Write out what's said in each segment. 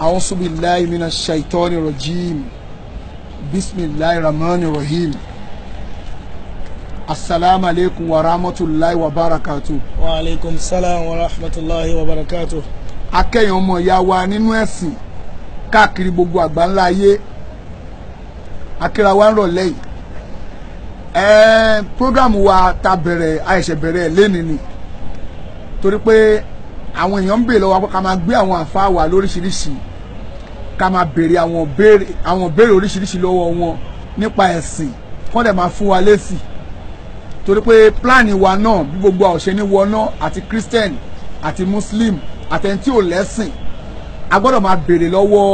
أعوذ بالله من الشيطان الرجيم بسم الله الرحمن الرحيم السلام عليكم ورحمة الله وبركاته وعليكم السلام ورحمة الله وبركاته akẹ́yìn ọmọ ìyá wa nínú ẹ̀sìn káàkiri gbogbo àgbáńlá ayé akíra wa ń rọ̀lẹ́ yìí ẹ̀ẹ́n prógrámù wa ta bẹ̀rẹ̀ àìṣẹ̀ bẹ̀rẹ̀ lẹ́nìí ni torí pé àwọn èèyàn ń bèèrè lọ́wọ́ ká máa gbé àwọn àfa wa lóríṣiríṣi ká máa béèrè àwọn béèrè àwọn béèrè oríṣiríṣi lọ́wọ́ wọn nípa ẹ̀sìn kọ́n dẹ̀ máa fún wa lésì torí pé pílánì wa náà bí gbogbo àwòṣe ní wọná àti christian àti muslim àtẹni tí ò lẹ́sìn a gbọ́dọ̀ máa béèrè lọ́wọ́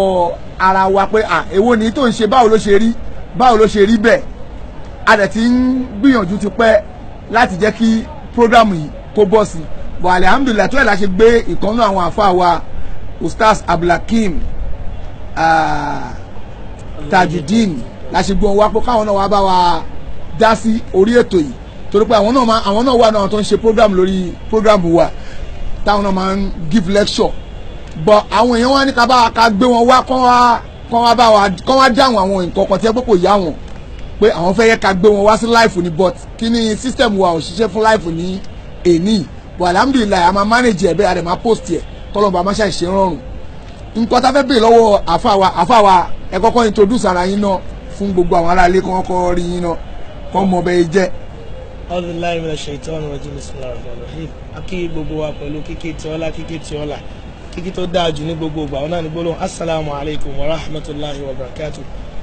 ara wa pé à èwo ni tó ń ṣe báwo ló ṣe rí báwo ló ṣe rí bẹ́ẹ̀ a dẹ̀ ti ń gbìyànjú ti pẹ́ láti jẹ́ kí prógrámù yìí kó bọ́ sí i bọ̀ alihamudulilayi tó yẹ la ṣe gbé ìkànnú àwọn àfa wa ustaz abdulhakeem Ah, tajudeen láṣegbọn wa pé káwọn náà wá bá wa dá sí orí ètò yìí torí pé àwọn náà máa àwọn náà wà náà tó ń ṣe program lórí program wa táwọn náà máa ń give lecture but àwọn èèyàn wá ní ká bá ká gbé wọn wá kán wá kán wá bá wa kán wá dáhùn àwọn nǹkan kan tí ẹ pé kò yá wọn pé àwọn fẹ́ yẹ ká gbé wọn wá sí life ni but kí ni system wa ò ṣiṣẹ́ fún life ní èní but alhamdulilayi a máa manage ẹ̀ bẹ́ẹ̀ a dẹ̀ máa post ẹ̀ kọ́lọ́mù bá máa ṣàìṣe rọrùn nǹkan tá a fẹ́ bèè lọ́wọ́ àfàwà àfàwà ẹ kọ́kọ́ introduce ara yín náà fún gbogbo àwọn aráalé kan kọ́ rí yín náà kọ́ mọ bẹ́ẹ̀ jẹ́. ọdúnláì mi ṣe ìtọ́nù ọjọ́ bisimilahi rahim akí gbogbo wa pẹ̀lú kíkí tí ọlá kíkí tí ọlá kíkí tó dáa jù ní gbogbo ìgbà ọ̀nà nígbóló asalaamu alaykum wa rahmatulahi wa barakatu.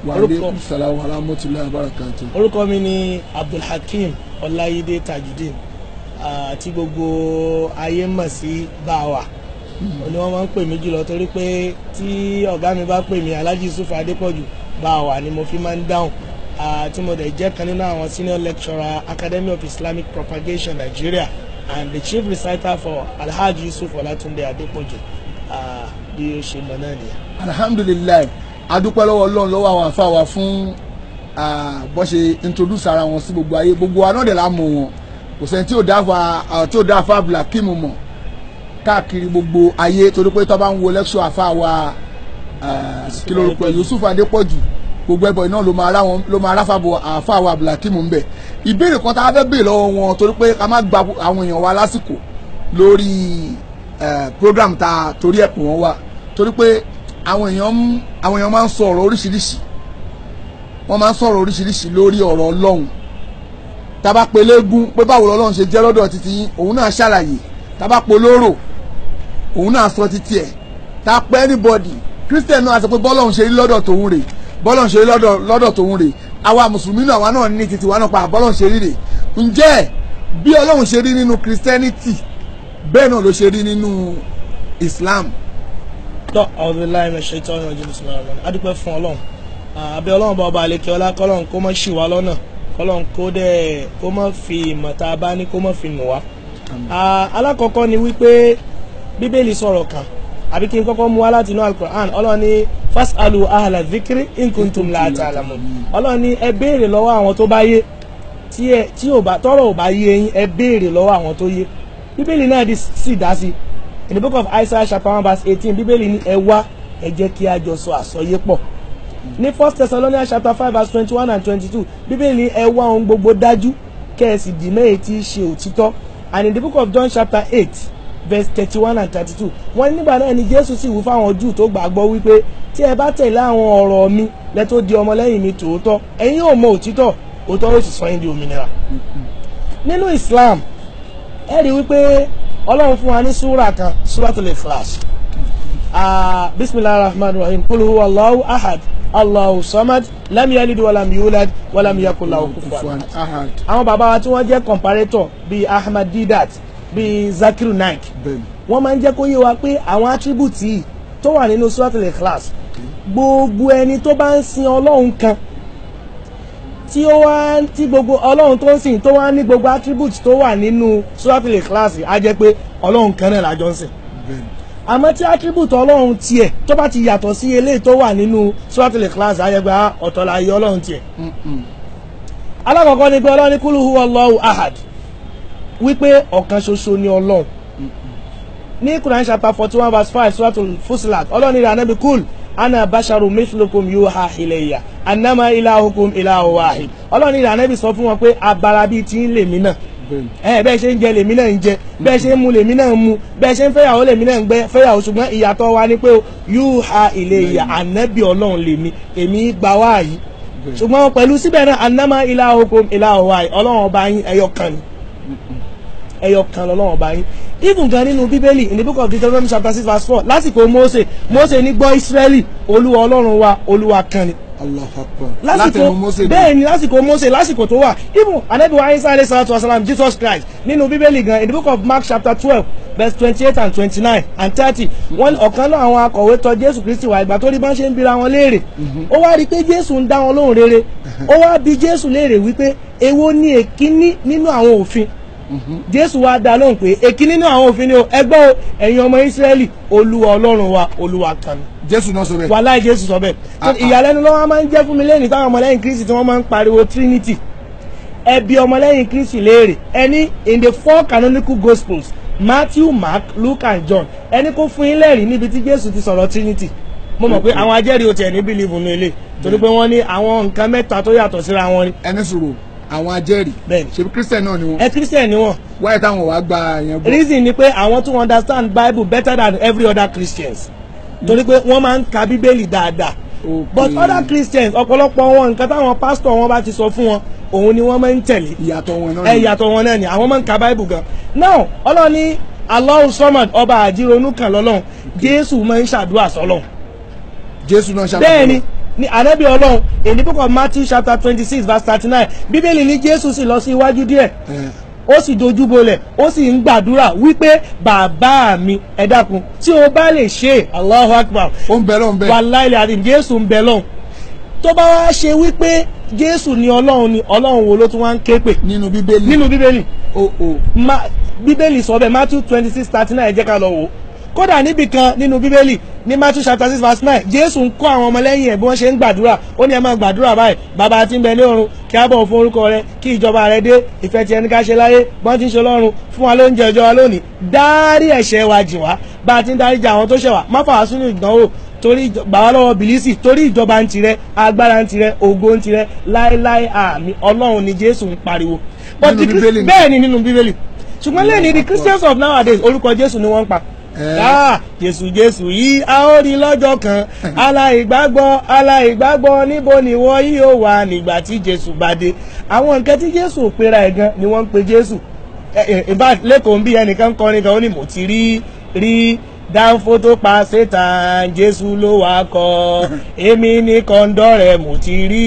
wa aleykum salaam wa rahmatulahi wa barakatu. orúkọ ó ní wọ́n máa ń pè mí jùlọ torí pé tí ọ̀gá mi bá pè mí Alhaji Yusuf Adépọ̀jù bá wà ni mo fi máa ń dáhùn tí mo dẹ̀ jẹ́ kan nínú àwọn senior lecturer Academy of Islamic Propagation Nigeria and the chief reciter for Alhaji Yusuf Olatunde Adépọ̀jù bí ó ṣe lọ náà nìyẹn. alhamdulilayi adúpẹ́ lọ́wọ́ ọlọ́run lọ́wọ́ àwọn àfa wa fún bó ṣe introduce ara wọn sí gbogbo ayé gbogbo wa la mọ̀ wọn kò sẹ́ni tí ò dáfa Abdulhakeem mọ̀ káàkiri gbogbo ayé torí pé tó bá ń wo lẹ́kṣọ̀ àfa wa eh, kí lórúkọ Yusuf Adépọ̀jù gbogbo ẹbọ iná ló máa ráwọn ló máa ráfàbọ àfa wa abdulhakeem ń bẹ ìbéèrè kan tá a fẹ́ béèrè lọ́wọ́ wọn torí pé ká má gba àwọn èèyàn wa lásìkò lórí eh, program ta torí ẹ̀ pè wọ́n wá torí pé àwọn èèyàn àwọn èèyàn máa ń sọ ọ̀rọ̀ oríṣiríṣi wọ́n máa ń sọ ọ̀rọ̀ oríṣiríṣi lórí ọ̀rọ̀ ọlọ́run tá bá pe léegun pé báwo lọ́lọ́run ṣe jẹ́ lọ́dọ̀ títí òun náà ṣàlàyé tá bá pe òun náà sọ títí ẹ̀ ta pẹ́ anybody christian náà sọ pé bọ́lọ́hún ṣe rí lọ́dọ̀ tòun rè bọ́lọ́hún ṣe rí lọ́dọ̀ tòun rè àwa mùsùlùmí náà àwa náà ní títí wa náà pa bọ́lọ́hún ṣe rí rè ǹjẹ́ bí ọlọ́hún ṣe rí nínú christianity bẹ́ẹ̀ náà ló ṣe rí nínú islam. tọ́ àwọn ọ̀dọ́ láì mẹ́ṣẹ́ tí wọ́n yànjú bísí mẹ́rin a dúpẹ́ fún ọlọ́run àbẹ́ ọlọ́run bá ọba àlekè ọlá kọ́lọ́run kó mọ́ ṣì wá lọ́nà kọ́lọ́run kó dẹ̀ kó mọ́ fi ìmọ̀ta bá ní kó mọ́ fi nù wá. alákọ̀ọ́kọ́ ni wípé bíbélì sọ̀rọ̀ kan àbí kí n kọ́kọ́ mú wa láti inú alukur'an ọlọ́run ní fasalu ahla zikiri in kuntum la ta'lamun ọlọ́run ní ẹ béèrè lọ́wọ́ àwọn tó bá yé tí ẹ tí ò bá tọ́rọ̀ ò bá yé yín ẹ béèrè lọ́wọ́ àwọn tó yé bíbélì náà sì dá sí in the book of Isaiah chapter one verse eighteen bíbélì ní ẹ wá ẹ jẹ́ kí a jọ sọ àsọyé pọ̀ ní first Thessalonians chapter five verse twenty one and twenty two bíbélì ní ẹ wá ohun gbogbo dájú kẹ́ ẹ sì dì mẹ́yìí tí ṣe òtítọ́ and in the book of John chapter eight verse thirty one and thirty two wọ́n ní nígbà náà ni jésù sì wí fáwọn júù tó gbàgbọ́ wípé tí ẹ bá tẹ̀lé àwọn ọ̀rọ̀ mi lẹ tó di ọmọlẹ́yìn mi tòótọ́ ẹ̀yin ò mọ òtítọ́ òótọ́ ó sì sọ yín di òmìnira. nínú islam ẹ rí wípé ọlọ́run fún wa ní súrà kan súratul ikhlas bisimilahi rahman rahim kul huwa allahu ahad allahu samad lam yalid walam yulad walam yakul lahu kufuwan ahad. àwọn bàbá wa tí wọ́n jẹ́ comparator bíi ahmad didat bíi Zakiru Naik wọ́n máa ń jẹ́ kó yé wa pé àwọn attribute yìí tó wà nínú suratul Ikhlas gbogbo ẹni tó bá ń sin ọlọ́run kan tí ó wá tí gbogbo ọlọ́run tó ń sìn tó wá ní gbogbo attribute tó wà nínú suratul Ikhlas á jẹ́ pé ọlọ́run kan náà lájọ ń sìn àmọ́ tí attribute ọlọ́run tiẹ̀ tó bá ti yàtọ̀ sí eléyìí tó wà nínú suratul Ikhlas á jẹ́ pé ah, ọ̀tọ̀ la yọ ọlọ́run tiẹ̀ alákọ̀ọ́kọ́ ni pé ọlọ́run kúlù huwa Allahu ahad wípé ọ̀kan ṣoṣo ni ọlọ́run ní Quran chapter forty one verse five suratul Fusilat ọlọ́run ní anabi kul ana basharu mithlukum yuha anama ila hukum ila wahid ọlọ́run ní anabi sọ fún wọn pé abara bíi ti ń lèmi náà ẹ bẹ́ẹ̀ ṣe ń jẹ lèmi náà ń jẹ bẹ́ẹ̀ ṣe ń mu lèmi náà ń mu bẹ́ẹ̀ ṣe ń fẹ́yàwó lèmi náà ń gbẹ́ fẹ́yàwó ṣùgbọ́n ìyàtọ̀ wa ni pé yuha ilayya anabi ọlọ́run lèmi èmi gbà wáyìí ṣùgbọ́n pẹ̀lú síbẹ̀ náà annama ilahukum ilahu wahid ọlọ́run ọba ẹyọ kan ni ẹyọ kan lọ́lọ́wọ́n bá yín even gan nínú bíbélì in the book of Deuteronomy chapter six verse four lásìkò Mósè Mósè ní gbọ́ Ísírẹ́lì olúwa ọlọ́run wa olúwa kan ni lásìkò bẹ́ẹ̀ ni lásìkò Mósè lásìkò tó wà ibo anabi wa ayisa alayhi salatu wasalam Jesus Christ nínú bíbélì gan in the book of Mark chapter twelve verse twenty-eight and twenty-nine and thirty wọn ọ̀kan náà àwọn akọ̀wé tọ̀ Jésù Kristi wá ìgbà tó rí bá ń ṣe ń bira wọn léèrè mm-hmm. ó wá rí i pé Jésù ń dá wọn lóhùn rere ó wá bi Jésù léèrè wípé èwo ni èkíní nínú àwọn òfin jésù wa dá lóhùn pé èkí nínú àwọn òfin ni o ẹgbẹ́ o ẹ̀yin ọmọ ìsírẹ́lì olúwa ọlọ́run wa olúwa kan ni. jésù náà sọ bẹ́ẹ̀. wàhálà jésù sọ bẹ́ẹ̀. Ah, ah. ìyàlẹ́nu lọ́wọ́ máa ń jẹ́ fún mi lẹ́yìn táwọn ọmọlẹ́yìn kristi tí wọ́n máa ń pariwo trinity ẹbí ọmọlẹ́yìn kristi léèrè ẹni in the four canonical gospels matthew mark luke and john ẹni kó fún yín lẹ́rìí níbi tí jésù ti sọ̀rọ̀ trinity mo mọ̀ pé àwọn ajẹ́rìí ò tiẹ̀ ní bílíìfù nínú ilé torí pé wọ́n ní àwọn nǹkan mẹ́ta tó yàtọ̀ síra wọn ni. ẹni sùúrù àwọn ajẹ́rìí ṣe bí christian náà ni wọn. ẹ christian ni wọn. wáyé táwọn wàá gba yẹn gbọ́. reason ni pé àwọn tún understand bible better than every other christians torí pé wọ́n máa ń ka bíbélì dáadáa but other christians ọ̀pọ̀lọpọ̀ wọn nǹkan táwọn pastor wọn bá ti sọ fún wọn òun ni wọ́n máa ń tẹ̀lé. ìyàtọ̀ wọn náà ni ẹ ìyàtọ̀ wọn náà ni àwọn máa ń ka bible gan. now ọlọ́ni Allahu Samad ọba àjíronú kan lọ́lọ́run jésù máa ń ṣàdúrà sọ́lọ́run. jésù náà ṣàdúrà sọ́lọ́run bẹ́ẹ̀ ni Ni ànábì ọlọ́run in the book Matthew chapter twenty six verse thirty nine bíbélì ní jésù sì lọ sí iwájú díẹ̀ hmm. ó sì dojú bolẹ̀ ó sì ń gbàdúrà wípé bàbá mi ẹ dákun tí o bá lè ṣe Allahu Akbar ó ń bẹ lọ́hùn bẹ́ẹ̀ wàláìlẹ̀ àti jésù ń bẹ lọ́hùn tó bá wá ṣe wípé jésù ni ọlọ́run ni ọlọ́run wo ló tún wá ń ké pè. nínú bíbélì nínú bíbélì. o oh, o. Oh. bíbélì sọ bẹ́ẹ̀ Matthew twenty six thirty nine ẹ jẹ́ ká lọ wò ó kódà níbi kan nínú bíbélì ní matthew chapter six verse nine jésù ń kọ́ àwọn ọmọlẹ́yìn ẹ̀ bí wọ́n ṣe ń gbàdúrà ó ní ẹ máa gbàdúrà báyìí bàbá tí ń bẹ ní ọ̀run kí á bọ̀ fún orúkọ rẹ kí ìjọba rẹ dé ìfẹ́ tí ẹni ká ṣe láyé bọ́n ti ń ṣe lọ́run fún wa lóúnjẹ ọjọ́ wa lónìí dárí ẹ̀ṣẹ̀ wa jì wá bá a ti ń dárí jì àwọn tó ṣẹ̀ wá má fà sínú ìdánwò torí gbà lọ́wọ́ bìlísì torí ìjọba ń tirẹ̀ agbára ń tirẹ̀ ògo ń tirẹ̀ láéláé àmì ọlọ́run ni jésù ń pariwo. bẹ́ẹ̀ ni nínú bíbélì ṣùgbọ́n lẹ́yìn ni the christians of nowadays orúkọ jésù ni wọ́n ń pa Eh. Ah, jésù jésù yìí a ó rí lọ́jọ́ kan aláìgbàgbọ́ aláìgbàgbọ́ níbo nìwọ yìí ó wà nígbà tí jésù bá dé àwọn nǹkan tí jésù pera ẹ̀ gan ni wọ́n ń pe jésù eh, eh, lẹ́kọ̀ọ́ ń bí ẹnìkan kọrin kan ó ní mo ti rí rí dáńfó tó pa sétan jésù ló wá kọ èmi ní kọ́ńdọ́ rẹ̀ mo ti rí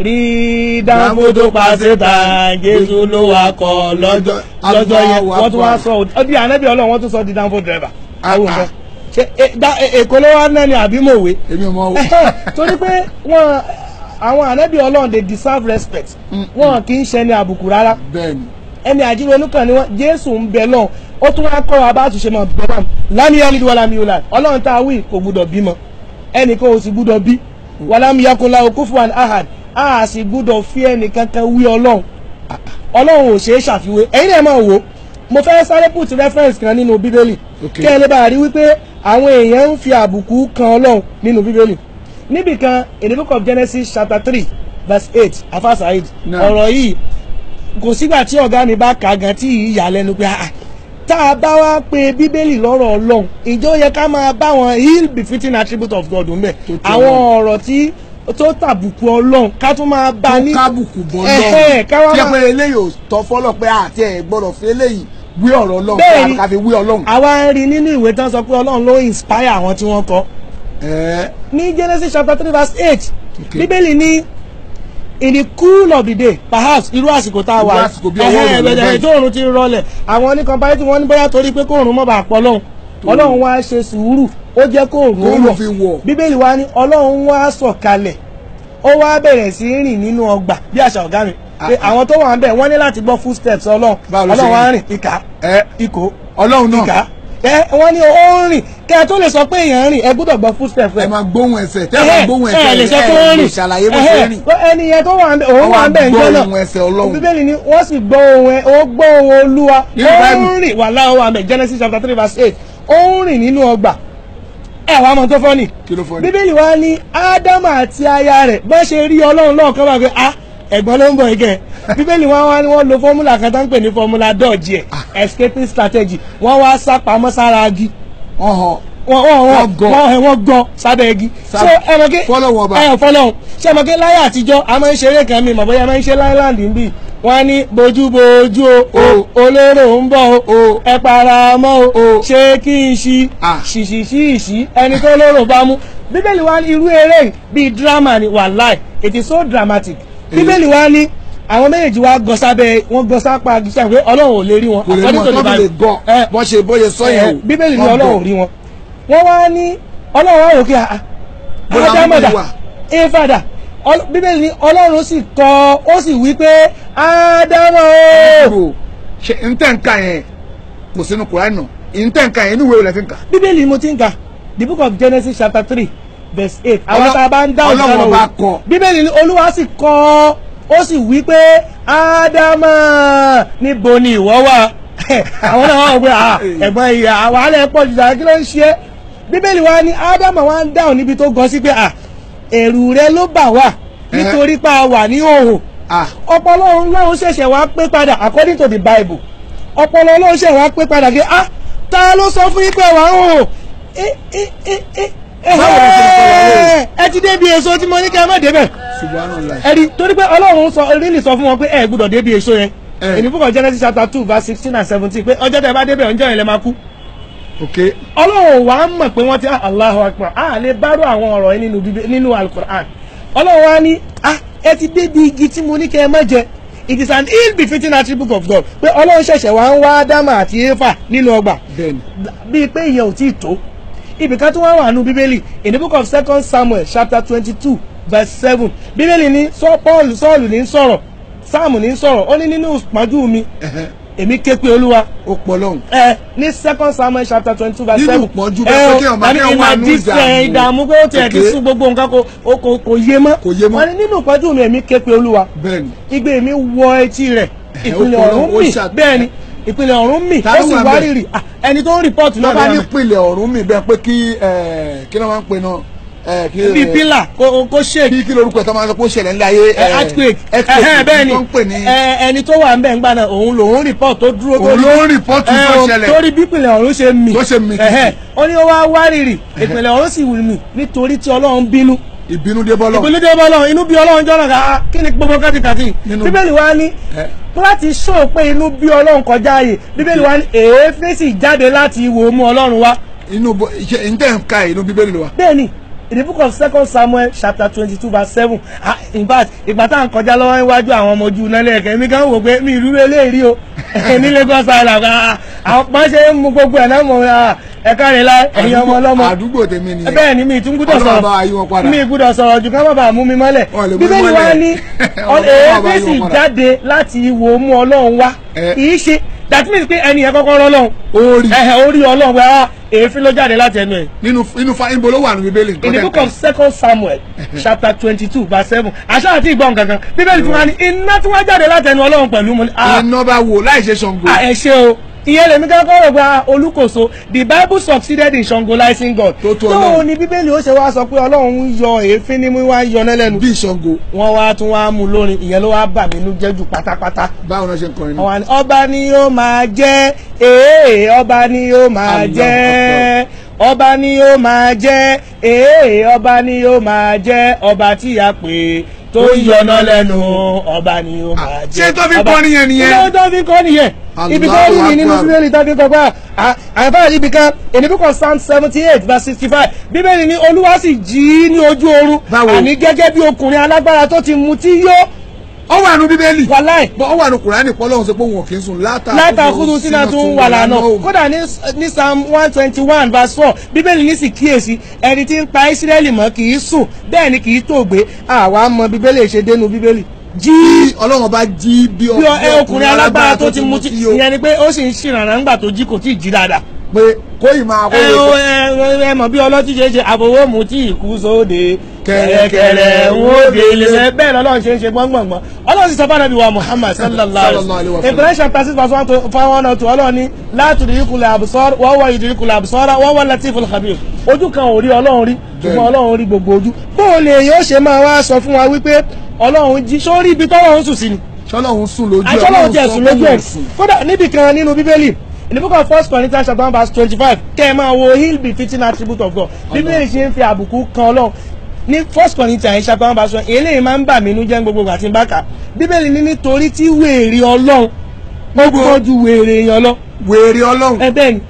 rí dámúdó pàṣẹta jésù ló wà kọ lọ́jọ́ yẹn wọ́n tún wá sọ ọdí ànábì ọlọ́run wọ́n tún sọ di danfo driver. Ah, ah. E, e, èkó ló wá náà ni àbí mòwe. èmi ò mọ owó. torí pé wọn àwọn ànábì ọlọ́run dey deserve respect mm, mm. wọn kì í ṣe ẹni àbùkù rárá ẹni àjírònú kan ni wọn jésù ń bẹ lọ ó tún wá kọ́ wa bá tún ṣe mọ bẹ́ẹ̀ bá mi lánìí ẹni wàlámi yóò láì ọlọ́run tá a wí kò gbúdọ̀ bímọ ẹnì kan ò sì gbúdọ̀ bí mm. wàlámi yakunla okúfù ahad a sì gbúdọ̀ fi ẹnìkankan wí ọlọ́run ọlọ́run ò ṣeé ṣàfiwé ẹ̀yin náà máa wò ó mo fẹ́ sáré put reference kan nínú bíbélì kí ẹ lè bá a rí wípé àwọn èèyàn ń fi àbùkù kan ọlọ́run nínú bíbélì níbìkan in the book of Genesis chapter three verse eight afasaid ọ̀rọ̀ yìí kò sígbà tí ọ̀gá mi bá kà á gan tí ìyá lẹ́nu pé ah, ah tá a bá wá pe bíbélì lọ́rọ̀ ọlọ́run ìjọ yẹ ká máa bá wọn heal befitting attribute of God ń bẹ̀ àwọn ọ̀rọ̀ tí tó tàbùkù ọlọ́run ká tún máa bá a ní. tó kábùkù bọ́ lọ́run tí ẹ pé eléyìí ò tọ́ fọ́lọ́ pé àti ẹ̀ gbọ́dọ̀ fi eléyìí wí ọ̀rọ̀ ọlọ́run bẹ́ẹ̀ ni ká wí ọlọ́run. àwa ń rí nínú ìwé tán sọ pé ọlọ́run ló inspire àwọn tí wọ́n kọ. ní Genesis chapter three verse eight bíbélì ní in the cool of the day perhaps irú àsìkò tá a wà ẹ̀hẹ́ ẹ̀ẹ́dẹ̀ẹ̀dẹ̀ tó òòrùn ti rọlẹ̀ àwọn oníkan báyìí tí wọ́n ní bóyá torí pé kóòrùn mọ́ bàa pọ̀ lọ́hùn ọlọ́run wá ṣe sùúrù ó jẹ́ kó òòrùn wọ̀ bíbélì wa ní ọlọ́run wá sọ̀kalẹ̀ ó wá bẹ̀rẹ̀ sí rìn nínú ọgbà bí àṣà ọ̀gá mi pé àwọn tó wà ń bẹ̀ wọ́n ní láti gbọ́ footsteps ọlọ́run ọlọ́run wá rìn ìkà ìkó ọlọ́run náà ìkà ẹ wọ́n ní ó ń rìn kẹ́ ẹ tó lè sọ pé èèyàn ń rìn ẹ gbọ́dọ̀ gbọ́ footstep rẹ. ẹ máa gbóhùn ẹsẹ̀ tẹ́ ẹ máa gbóhùn ẹsẹ̀ ẹ lè ṣàlàyé bó ṣe rìn. ẹni yẹn tó wà ń bẹ òun wà ń bẹ ìjọ náà bíbélì ni wọ́n sì gbọ́ ohùn ẹ ó gbọ́ ohùn olúwa ó ń rìn wàhálà wà ń bẹ Genesis chapter three verse eight ó ń rìn nínú ọgbà ẹ wàá mọ tó fọ́ ni bíbélì wa ní ádámù àti aya rẹ̀ bá ṣe rí ọlọ́run lọ́ọ̀kan wà pé ah ẹ̀gbọ́n ló ń bọ̀ igẹ̀ bíbélì wa wá ní wọ́n lo fọ́múlà kan tó ń pè ní fọ́múlà dọ́ọ̀jì ẹ̀ ah. escaping strategy wọ́n wá sá pamọ́ sára agi wọ́n gọ sábẹ́ igi so ẹ mọ̀ kí fọ́lọ́wọ́ ṣe mọ̀ kí láyé àtijọ́ a máa ń ṣeré kan mi mọ̀ bóyá a máa ń ṣe láíláńdì ń bì wọ́n ní bójúbójú o olóró ń bọ̀ o ẹ para mọ́ o ṣé kí n ṣi ṣìṣì ṣì ṣì ẹni tó lóró bá mú bíbélì wa ní irú eré bíi drama ni wàláì it is so dramatic bíbélì wa ní àwọn méjèèjì wa gọ sábẹ́ wọn gọ sápá gíṣà pé ọlọ́run ò lè rí wọn àkọ́dé tó lè bá yìí bọ́n ṣe sọ́yìn eh, o bíbélì ni ọlọ́run ò rí wọn wọ́n wá ní ọlọ́run wá wò kí a ádámọ̀dà éfàdà bíbélì ni ọlọ́run sì kọ ó sì wí pé ádámọ̀ o. ṣe n tẹ́ ń ka yẹn kò sínú kuraani n tẹ́ ń ka yẹn inú ìwé ti ń kà. bíbélì mo ti ń kà the book of Genesis chapter three verse eight àwọn tá a bá ń dá òjò náà wò bíbélì ni olúwa sì kọ ó sì wí pé ádámọ̀ níbo ni ìwọ wà àwọn náà wà wọ pé ah, ẹ̀gbọ́n ìyá wàhálà ẹ̀ pọ̀ jù sàkí ló ń ṣe bíbélì wa ni ádámọ̀ wa ń dáhùn níbi tó gọ sí pé ah, ẹ̀rù rẹ ló bà wá eh. nítorí pa wà ní òhò ah. ọpọlọ Ọlọ́run ṣẹ̀ṣẹ̀ wá pé padà according to the Bible ọpọlọ Ọlọ́run ṣẹ̀ṣẹ̀ wá pé padà gé ah ta ló sọ fún yín pé wà ń òhò eh, eh, ẹ ti débi èso tí mo ní kí ẹ má débẹ̀ ẹ̀rí torí pé Ọlọ́run sọ rírì sọ fún wọn pé ẹ gbọ́dọ̀ débi èso yẹn èmi fún kan Genesis chapter two verse sixteen and seventeen pé ọjọ́ tẹ bá débẹ̀ ọjọ́ yẹn lẹ máa kú. ọlọ́run wa mọ̀ pé wọ́n ti ah, Allahu Akbar a bárò àwọn ọ̀rọ̀ yẹn nínú bíbí nínú alukur'an ọlọ́run ah, ti débi igi tí mo ní kẹ́ jẹ it is an ill befitting book of God pé ọlọ́run ṣẹ̀ṣẹ̀ wá ń wá dámà àti éfà nínú ọgbà bíi pé ìyẹn ò tí ì tó ibìkan tó wá wà nù bíbélì in the book of second Samuel chapter twenty two verse seven bíbélì ní sọ mi èmi ké pé olúwa ó pọ̀ lọ́hùn. ẹ ní second samuel chapter twenty two verse seven. nínú pọ̀jù bẹ́ẹ̀ pé kí ọmọ ní ọwọ́ àánú ìdààmú. ìdààmú pé ó tiẹ̀ ti sún gbogbo nǹkan kò kò kò yé mọ́. kò yé mọ́. wọ́n ní nínú pọ̀jù mi èmi ké pé olúwa. bẹ́ẹ̀ni. igbe mi wọ etí rẹ̀ ìpínlẹ̀ ọ̀run mi bẹ́ẹ̀ni ìpínlẹ̀ ọ̀run mi ó sì wá ẹni tó ń rìpọ́ọ̀tù náà ní bíi pílà kó ṣe. bí kí lorúkọ tó máa ń sọ pé ṣẹlẹ̀ ńlá ayé. earthquake bẹ́ẹ̀ ni ẹni tó wà ń bẹ̀ ń gbà náà òun lòun report tó dúró tó rí. òun ló ń report tó ṣẹlẹ̀. torí bí ìpìlẹ̀ ọ̀run ṣe mì. ló ṣe mì kìkì. ó ní ó wá wárìrì ìpìlẹ̀ ọ̀run sì mì nítorí tí ọlọ́run bínú. ìbínú dé bọ́lọ́. ìbínú dé bọ́lọ́ inú bí ọlọ́run jọ̀rọ̀ ká ah, kí ni gbogbo kàtìkàtì. bíbélì wa ní láti sọ pé inú bí ọlọ́run kọjá ààyè bíbélì wa ní èéfín sì jáde láti ìwò mú ọlọ́run inú ntẹ̀ ń ka inú bíbélì wa. bẹ́ẹ̀ in the book of second samuel chapter twenty two verse seven ah, in fact ìgbà tá à ń kọjá lọ́wọ́ iwájú àwọn ọmọ ojú náà lẹ́ẹ̀kẹ́ mi gan wò pé mi ìlú eléyìí rí o ní Lagos Island ah, ah, àwọn máa ṣe ń mu gbogbo ẹ̀ náà mọ̀ ẹ̀ka rẹ̀ la ẹ̀yin ọmọ ọlọ́mọ àdúgbò tèmi nìyẹn bẹ́ẹ̀ ni mi tún gbúdọ̀ sọ̀rọ̀ mi gbúdọ̀ sọ̀rọ̀ jù ká má bàa mú mi mọ́lẹ̀ bíbélì wa ní èébì sì jáde láti ìwò mú ọlọ́run wá kì í ṣe that means pé ẹni yẹn kọ́kọ́ rọ́ ọlọ́run ó ọlọ́run wẹ́ẹ́ èéfín ló jáde láti ẹnu ẹ. nínú nínú fa ibo wà ní bíbélì. in the book of second samuel chapter twenty two verse seven àṣà àti ìgbọ̀n kankan bíbélì fún wa ní iná tí wọ́n jáde láti ẹnu ọlọ́run pẹ̀lú mu. Ah. iná bá wò láì ṣe Ṣàngó. Ah, ẹ ṣe o ìyẹn lèmi kọ́kọ́ rẹ̀ gba olúkòso the bible succeeded in shangolising god tó tó ní bíbélì ó ṣe wá sọ pé ọlọ́run ń yọ èéfín ní wá ń yọ nẹ́lẹ́nu bí ìṣango wọ́n wá tún wá mú lórin ìyẹn ló wá bà mí nú jẹ́jú pátápátá báwọn ṣe ń kọrin náà ọba ni ó máa jẹ́ èè ọba ni ó máa jẹ́ ọba ni ó máa jẹ́ èè ọba ni ó máa jẹ́ ọba tí a tó ń yọnà lẹ́nu ọba ni ó máa ah, jẹ. ṣé tó fi kọ́ nìyẹn nìyẹn. ṣé tó fi kọ́ nìyẹn. ibi tó rí mi nínú bíbélì tó fi kọ́ pé àyàfà ibi kan ènìbí kan psalm seventy eight verse sixty five bíbélì ni olúwa sì jí ní ojú oorun àní gẹ́gẹ́ bí ọkùnrin alágbára tó ti mutí yó ó wà nù bíbélì wàláì ó wà nù kùránì pọ́ lọ́hùn sí pé wọn kì í sùn látà látà kúrú sínú tún wà lànà kódà ní psalm one twenty one verse four bíbélì ní sì kíyèsí ẹni tí ń pa ìsírẹ́lì mọ́ kì í sùn bẹ́ẹ̀ ni kì í tòògbé àwa mọ bíbélì ṣe dénú bíbélì jí ọlọ́run bá jí bí ọkùnrin alágbára tó ti mutí ìyẹn ni pé ó sì ń ṣìrànà ńgbà tó jí kò tí ì jí dáadáa pé kó ì máa kó wò. ẹ mọ̀ bí ọlọ́tí ṣe ṣe àbòwò mú tí ìkú sóde kẹ̀rẹ̀kẹ̀rẹ̀ ń de ilé bẹ́ẹ̀ lọ́lọ́run ṣe ń ṣe gbọ́ngbọ̀ngbọ̀n ọlọ́run sì sọ fún ànábì Muhammad sallallahu alayhi wa sallam ìpínlẹ̀ṣẹ̀ pàṣẹ fáwọn ọ̀nà tó ọlọ́run ní láti rí ìkùlẹ̀ wọ́n wọ ìdíríkùlẹ̀ àbùsọ́rọ̀ wọ́n wọ latiful in the book of first corinthians chapter one verse twenty-five kẹ́ ẹ máa wo heal be fitting attribute of god bíbélì ṣe ń fi àbùkù kan ọlọ́run ní first corinthians chapter one verse one eléyìí máa ń bà mí inú jẹ́ gbogbo ìgbà tí n bá kà bíbélì ní nítorí tí wèrè ọlọ́run gbogbo ju wèrè èèyàn lọ. wèrè ọlọ́run ẹ bẹ́ẹ̀ ni.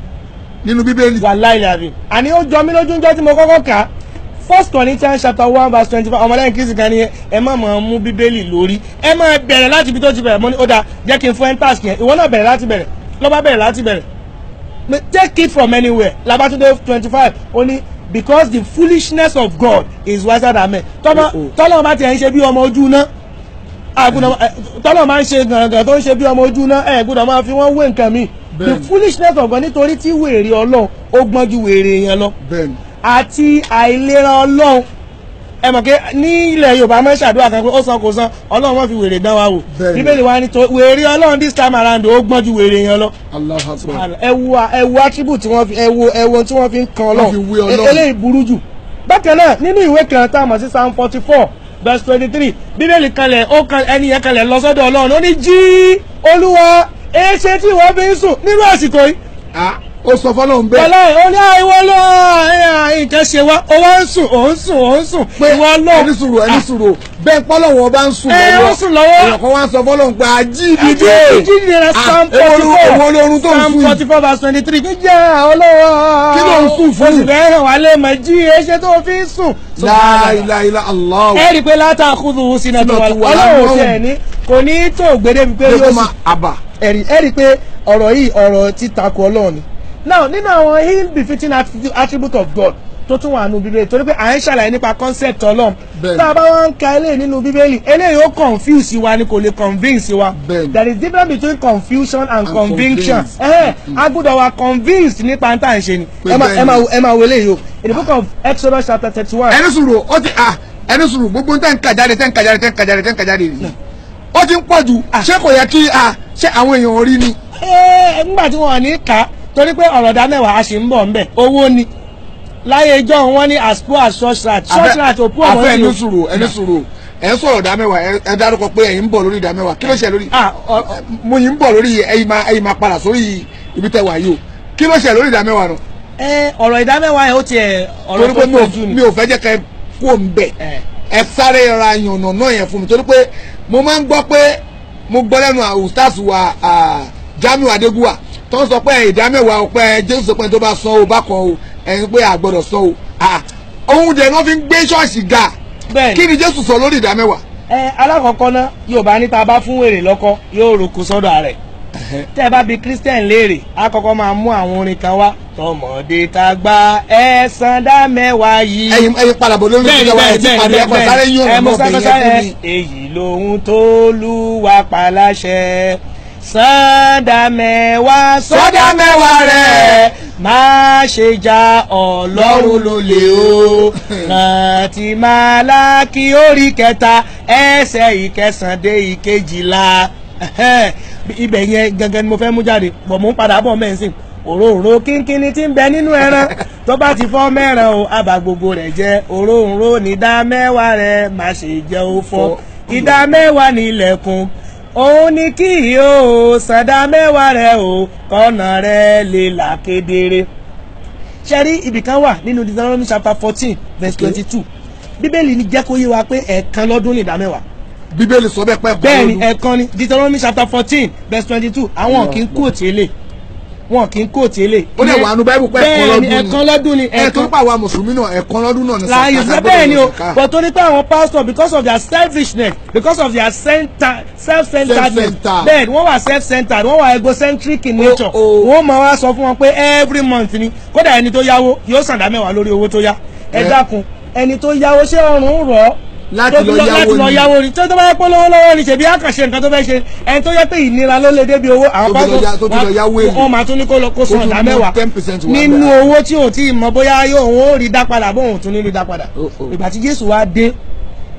nínú bíbélì. wàláhì àbí àní ó jọ mí lójú ńjọ́ tí mo kọ́kọ́ kà á first corinthians chapter one verse twenty-five ọmọlẹ́yìn kristi kan ní ẹ má máa mú bíbélì lórí ẹ máa bẹ̀rẹ̀ láti ibi tó ti bẹ̀rẹ̀ mọ́ ní ó dáa jẹ́ kí n fún ẹ́ ń tàṣì ìwọ náà bẹ̀rẹ̀ láti bẹ̀rẹ̀ ló bá bẹ̀rẹ̀ láti bẹ̀rẹ̀ take it from anywhere labatunde twenty five only because the foolishness of God is wiser than men tọ́lọ́ oh, oh. bá tiẹ̀ ń ṣe bí ọmọ ojú náà tọ́lọ̀ máa ń ṣe gàngàn tó ń ṣe bí ọmọ ojú náà ẹ̀ gbọ́dọ̀ máa fi wọ́n wé nǹkan mi the foolishness of God nítorí tí wèrè ọlọ́run ó gbọ́n ju wèrè èèyàn lọ àti àìlera ọlọ́run ẹ mọ̀ pé ní ilẹ̀ yorùbá máa ń ṣàdúrà kan pé ó san kò san ọlọ́run wọn fi wèrè dán wa wò bíbélì wa ni wèrè ọlọ́run this time around ó gbọ́n ju wèrè yẹn lọ ẹ wo ẹ tí wọ́n fi ẹ wo ẹ tí wọ́n fi ń kan ọlọ́run e- eléyìí burú jù bákan náà nínú ìwé kan tá a mọ̀ sí psalm forty four verse twenty three bíbélì kanlẹ̀ ó kan ẹni yẹn kanlẹ̀ lọ sọ́dọ̀ ọlọ́run ó ní jí olúwa èéṣe tí wọ́n fi ń sùn nínú àsìkò yìí ah ó sọ fọlọ́run bẹ́ẹ̀. ọlọ́run ó ní àìwọ́ ah, ló ah, nǹkan ṣe wá ó wá ń sùn ó ń sùn ó ń sùn. pé ẹni sùúrù ẹni sùúrù bẹ́ẹ̀ pọ́lọ́wọ́ ọba ń sùn eh, lọ́wọ́ ẹ̀ ó sùn lọ́wọ́ èèyàn kan wá ń sọ fọlọ́run pé àjídìde àjídìde ah, psalm forty four èwo ló orun tó ń sùn psalm forty four verse twenty three jíjà olówó kí ló ń sùn fún mi. oṣù bẹ́ẹ̀ wà lè mọ̀ jí eṣe tó fi ń sùn. láìláìlá aláwọ̀. ẹ rí i pé látàkùnrin sínú ẹ̀tọ́ wa ọlọ́run ṣẹ̀ ní kò ní tó gbèdébí pé yóò sùn. ẹ rí i pé ọ̀rọ̀ yìí ọ̀rọ̀ títakò ọlọ́run ni now nínú àwọn ill befitting attribute of God tó tún wà nínú bíbélì torí pé à ń ṣàlàyé nípa concept ọlọ́run tá a bá wọn ń ka eléyìí nínú bíbélì eléyìí ó confuse wa ni kò lè convince wa there is difference between confusion and, and conviction ẹhẹ a gbọ́dọ̀ wa convinced nípa tá à ń ṣe ni ẹ máa wo eléyìí o in the book of Exodus chapter thirty one. ẹni sùúrù ó ti ah, ẹni sùúrù gbogbo ń tẹ́ ń kàjáde tẹ́ ń kàjáde tẹ́ ń ó ti ń pọ̀ jù ah. ṣé kò yẹ kí ah, ṣé àwọn èèyàn rí ni. ẹ ẹ nígbà tí wọn ò ní kà torí pé ọ̀rọ̀ dá a sì ń bọ̀ ni láyé ijọ́ wọn ni as poor as such rat church rat poor o. ẹni sùúrù ẹ mẹ́wàá ẹ dárúkọ pé ẹ̀yin ń bọ̀ lórí kí ló ṣe lórí ah, mo yìí ń bọ̀ lórí ẹ̀yin máa ẹ̀yin máa padà sórí ibi o kí ló ṣe lórí dá mẹ́wàá nù. ẹ ọ̀rọ̀ ìdámẹ́wàá yẹn ó tiẹ̀ ọ̀rọ̀ tó tó ń sọ pé ìdá mẹ́wàá ọ̀pẹ jésù sọ pé tó bá san o bá kan o ẹ̀yin pé àgbọ̀dọ̀ san o ohun dẹ̀ náà fi ń gbé ṣọ́ọ̀ṣì ga kí ni jésù sọ lórí ìdá mẹ́wàá. ẹ alákọ̀ọ́kọ́ ná yorùbá ní ta bá fún wèrè lọ́kọ́ yóò roko sọ́dọ̀ rẹ̀ tẹ́ ẹ bá bi christian léèrè á kọ́kọ́ máa mú àwọn orin kan wá tọmọdé ta gba ẹ san dá mẹ́wàá yìí. ẹyin ẹyin padà bọ̀ lórí ìjọba ẹ ti padà ẹkọ sáré yóò mọ bẹ́ẹ̀ yẹn tó ní. èyí lohun tó lù wá paláṣẹ sọ́dà mẹ́wàá sọ́dà mẹ́wàá rẹ̀ má ṣe ja ọlọ́run lólè o rántí Málákì orí kẹta ẹsẹ̀ ìkẹsàndé ìkejìlá ibẹ̀ yẹn gangan ni mo fẹ́ mú jáde pọ̀ mú padà bọ̀ mẹ́sìn òróǹro kínkínní tí ń bẹ nínú ẹran tó bá ti fọ́ mẹ́ran o àbá gbogbo rẹ̀ jẹ́ òróǹro nídá mẹ́wàá rẹ̀ má ṣe jẹ́ ó fọ́ ìdá mẹ́wàá ní òun ni kí ìhó sàdá mẹ́wàá rẹ̀ o kọ́nà rẹ̀ lè là kedere. ṣe rí ibì kan wà nínú Deuteronomy chapter fourteen verse twenty two bíbélì ni jẹ́ kó yé wa pé ẹ̀ẹ̀kan lọ́dún ni ìdá mẹ́wàá bíbélì sọ bẹ́ẹ̀ pẹ́ kọ́ lọ́dún. bẹ́ẹ̀ni ẹ̀ẹ̀kan ni Deuteronomy chapter fourteen verse twenty two àwọn kì í kú òtí eléyìí wọn kì í kóòtù ilé. ó lè wà nù báyìí pé ẹ̀kan lọ́dún ni. ẹ̀kan pàwọ́ mùsùlùmí náà ẹ̀kan lọ́dún náà ni sàkà sàgbọ́dọ̀ bẹ́ẹ̀ ni o but ó ní pé àwọn pastor because of their selfishness because of their center, self-centeredness bẹ́ẹ̀ wọ́n wà self-centered wọ́n wà egocentric in nature oh, oh. wọ́n máa wá sọ fún wọn pé every month ni kódà ẹni tó yáwó yóò sàǹdà mẹ́wàá lórí owó tó yá ẹ eh. dákun ẹni tó yáwó ṣé ọrùn rọ̀ ọ́ láti lọ yáwó ni tó tó bá yẹ lọ́wọ́ lọ́wọ́ ni ṣèbí àkànṣe nǹkan tó fẹ́ ṣe ẹni tó yẹ pé ìnira ló lè débi owó àwọn báńkì wọn máa tún ní kó lọ kó san ọ̀dà mẹ́wàá nínú owó tí ò tí ì mọ bóyá yóò ń rí dá padà bóun tún nílùú dá padà oh, oh. ìgbà tí Jésù wá dé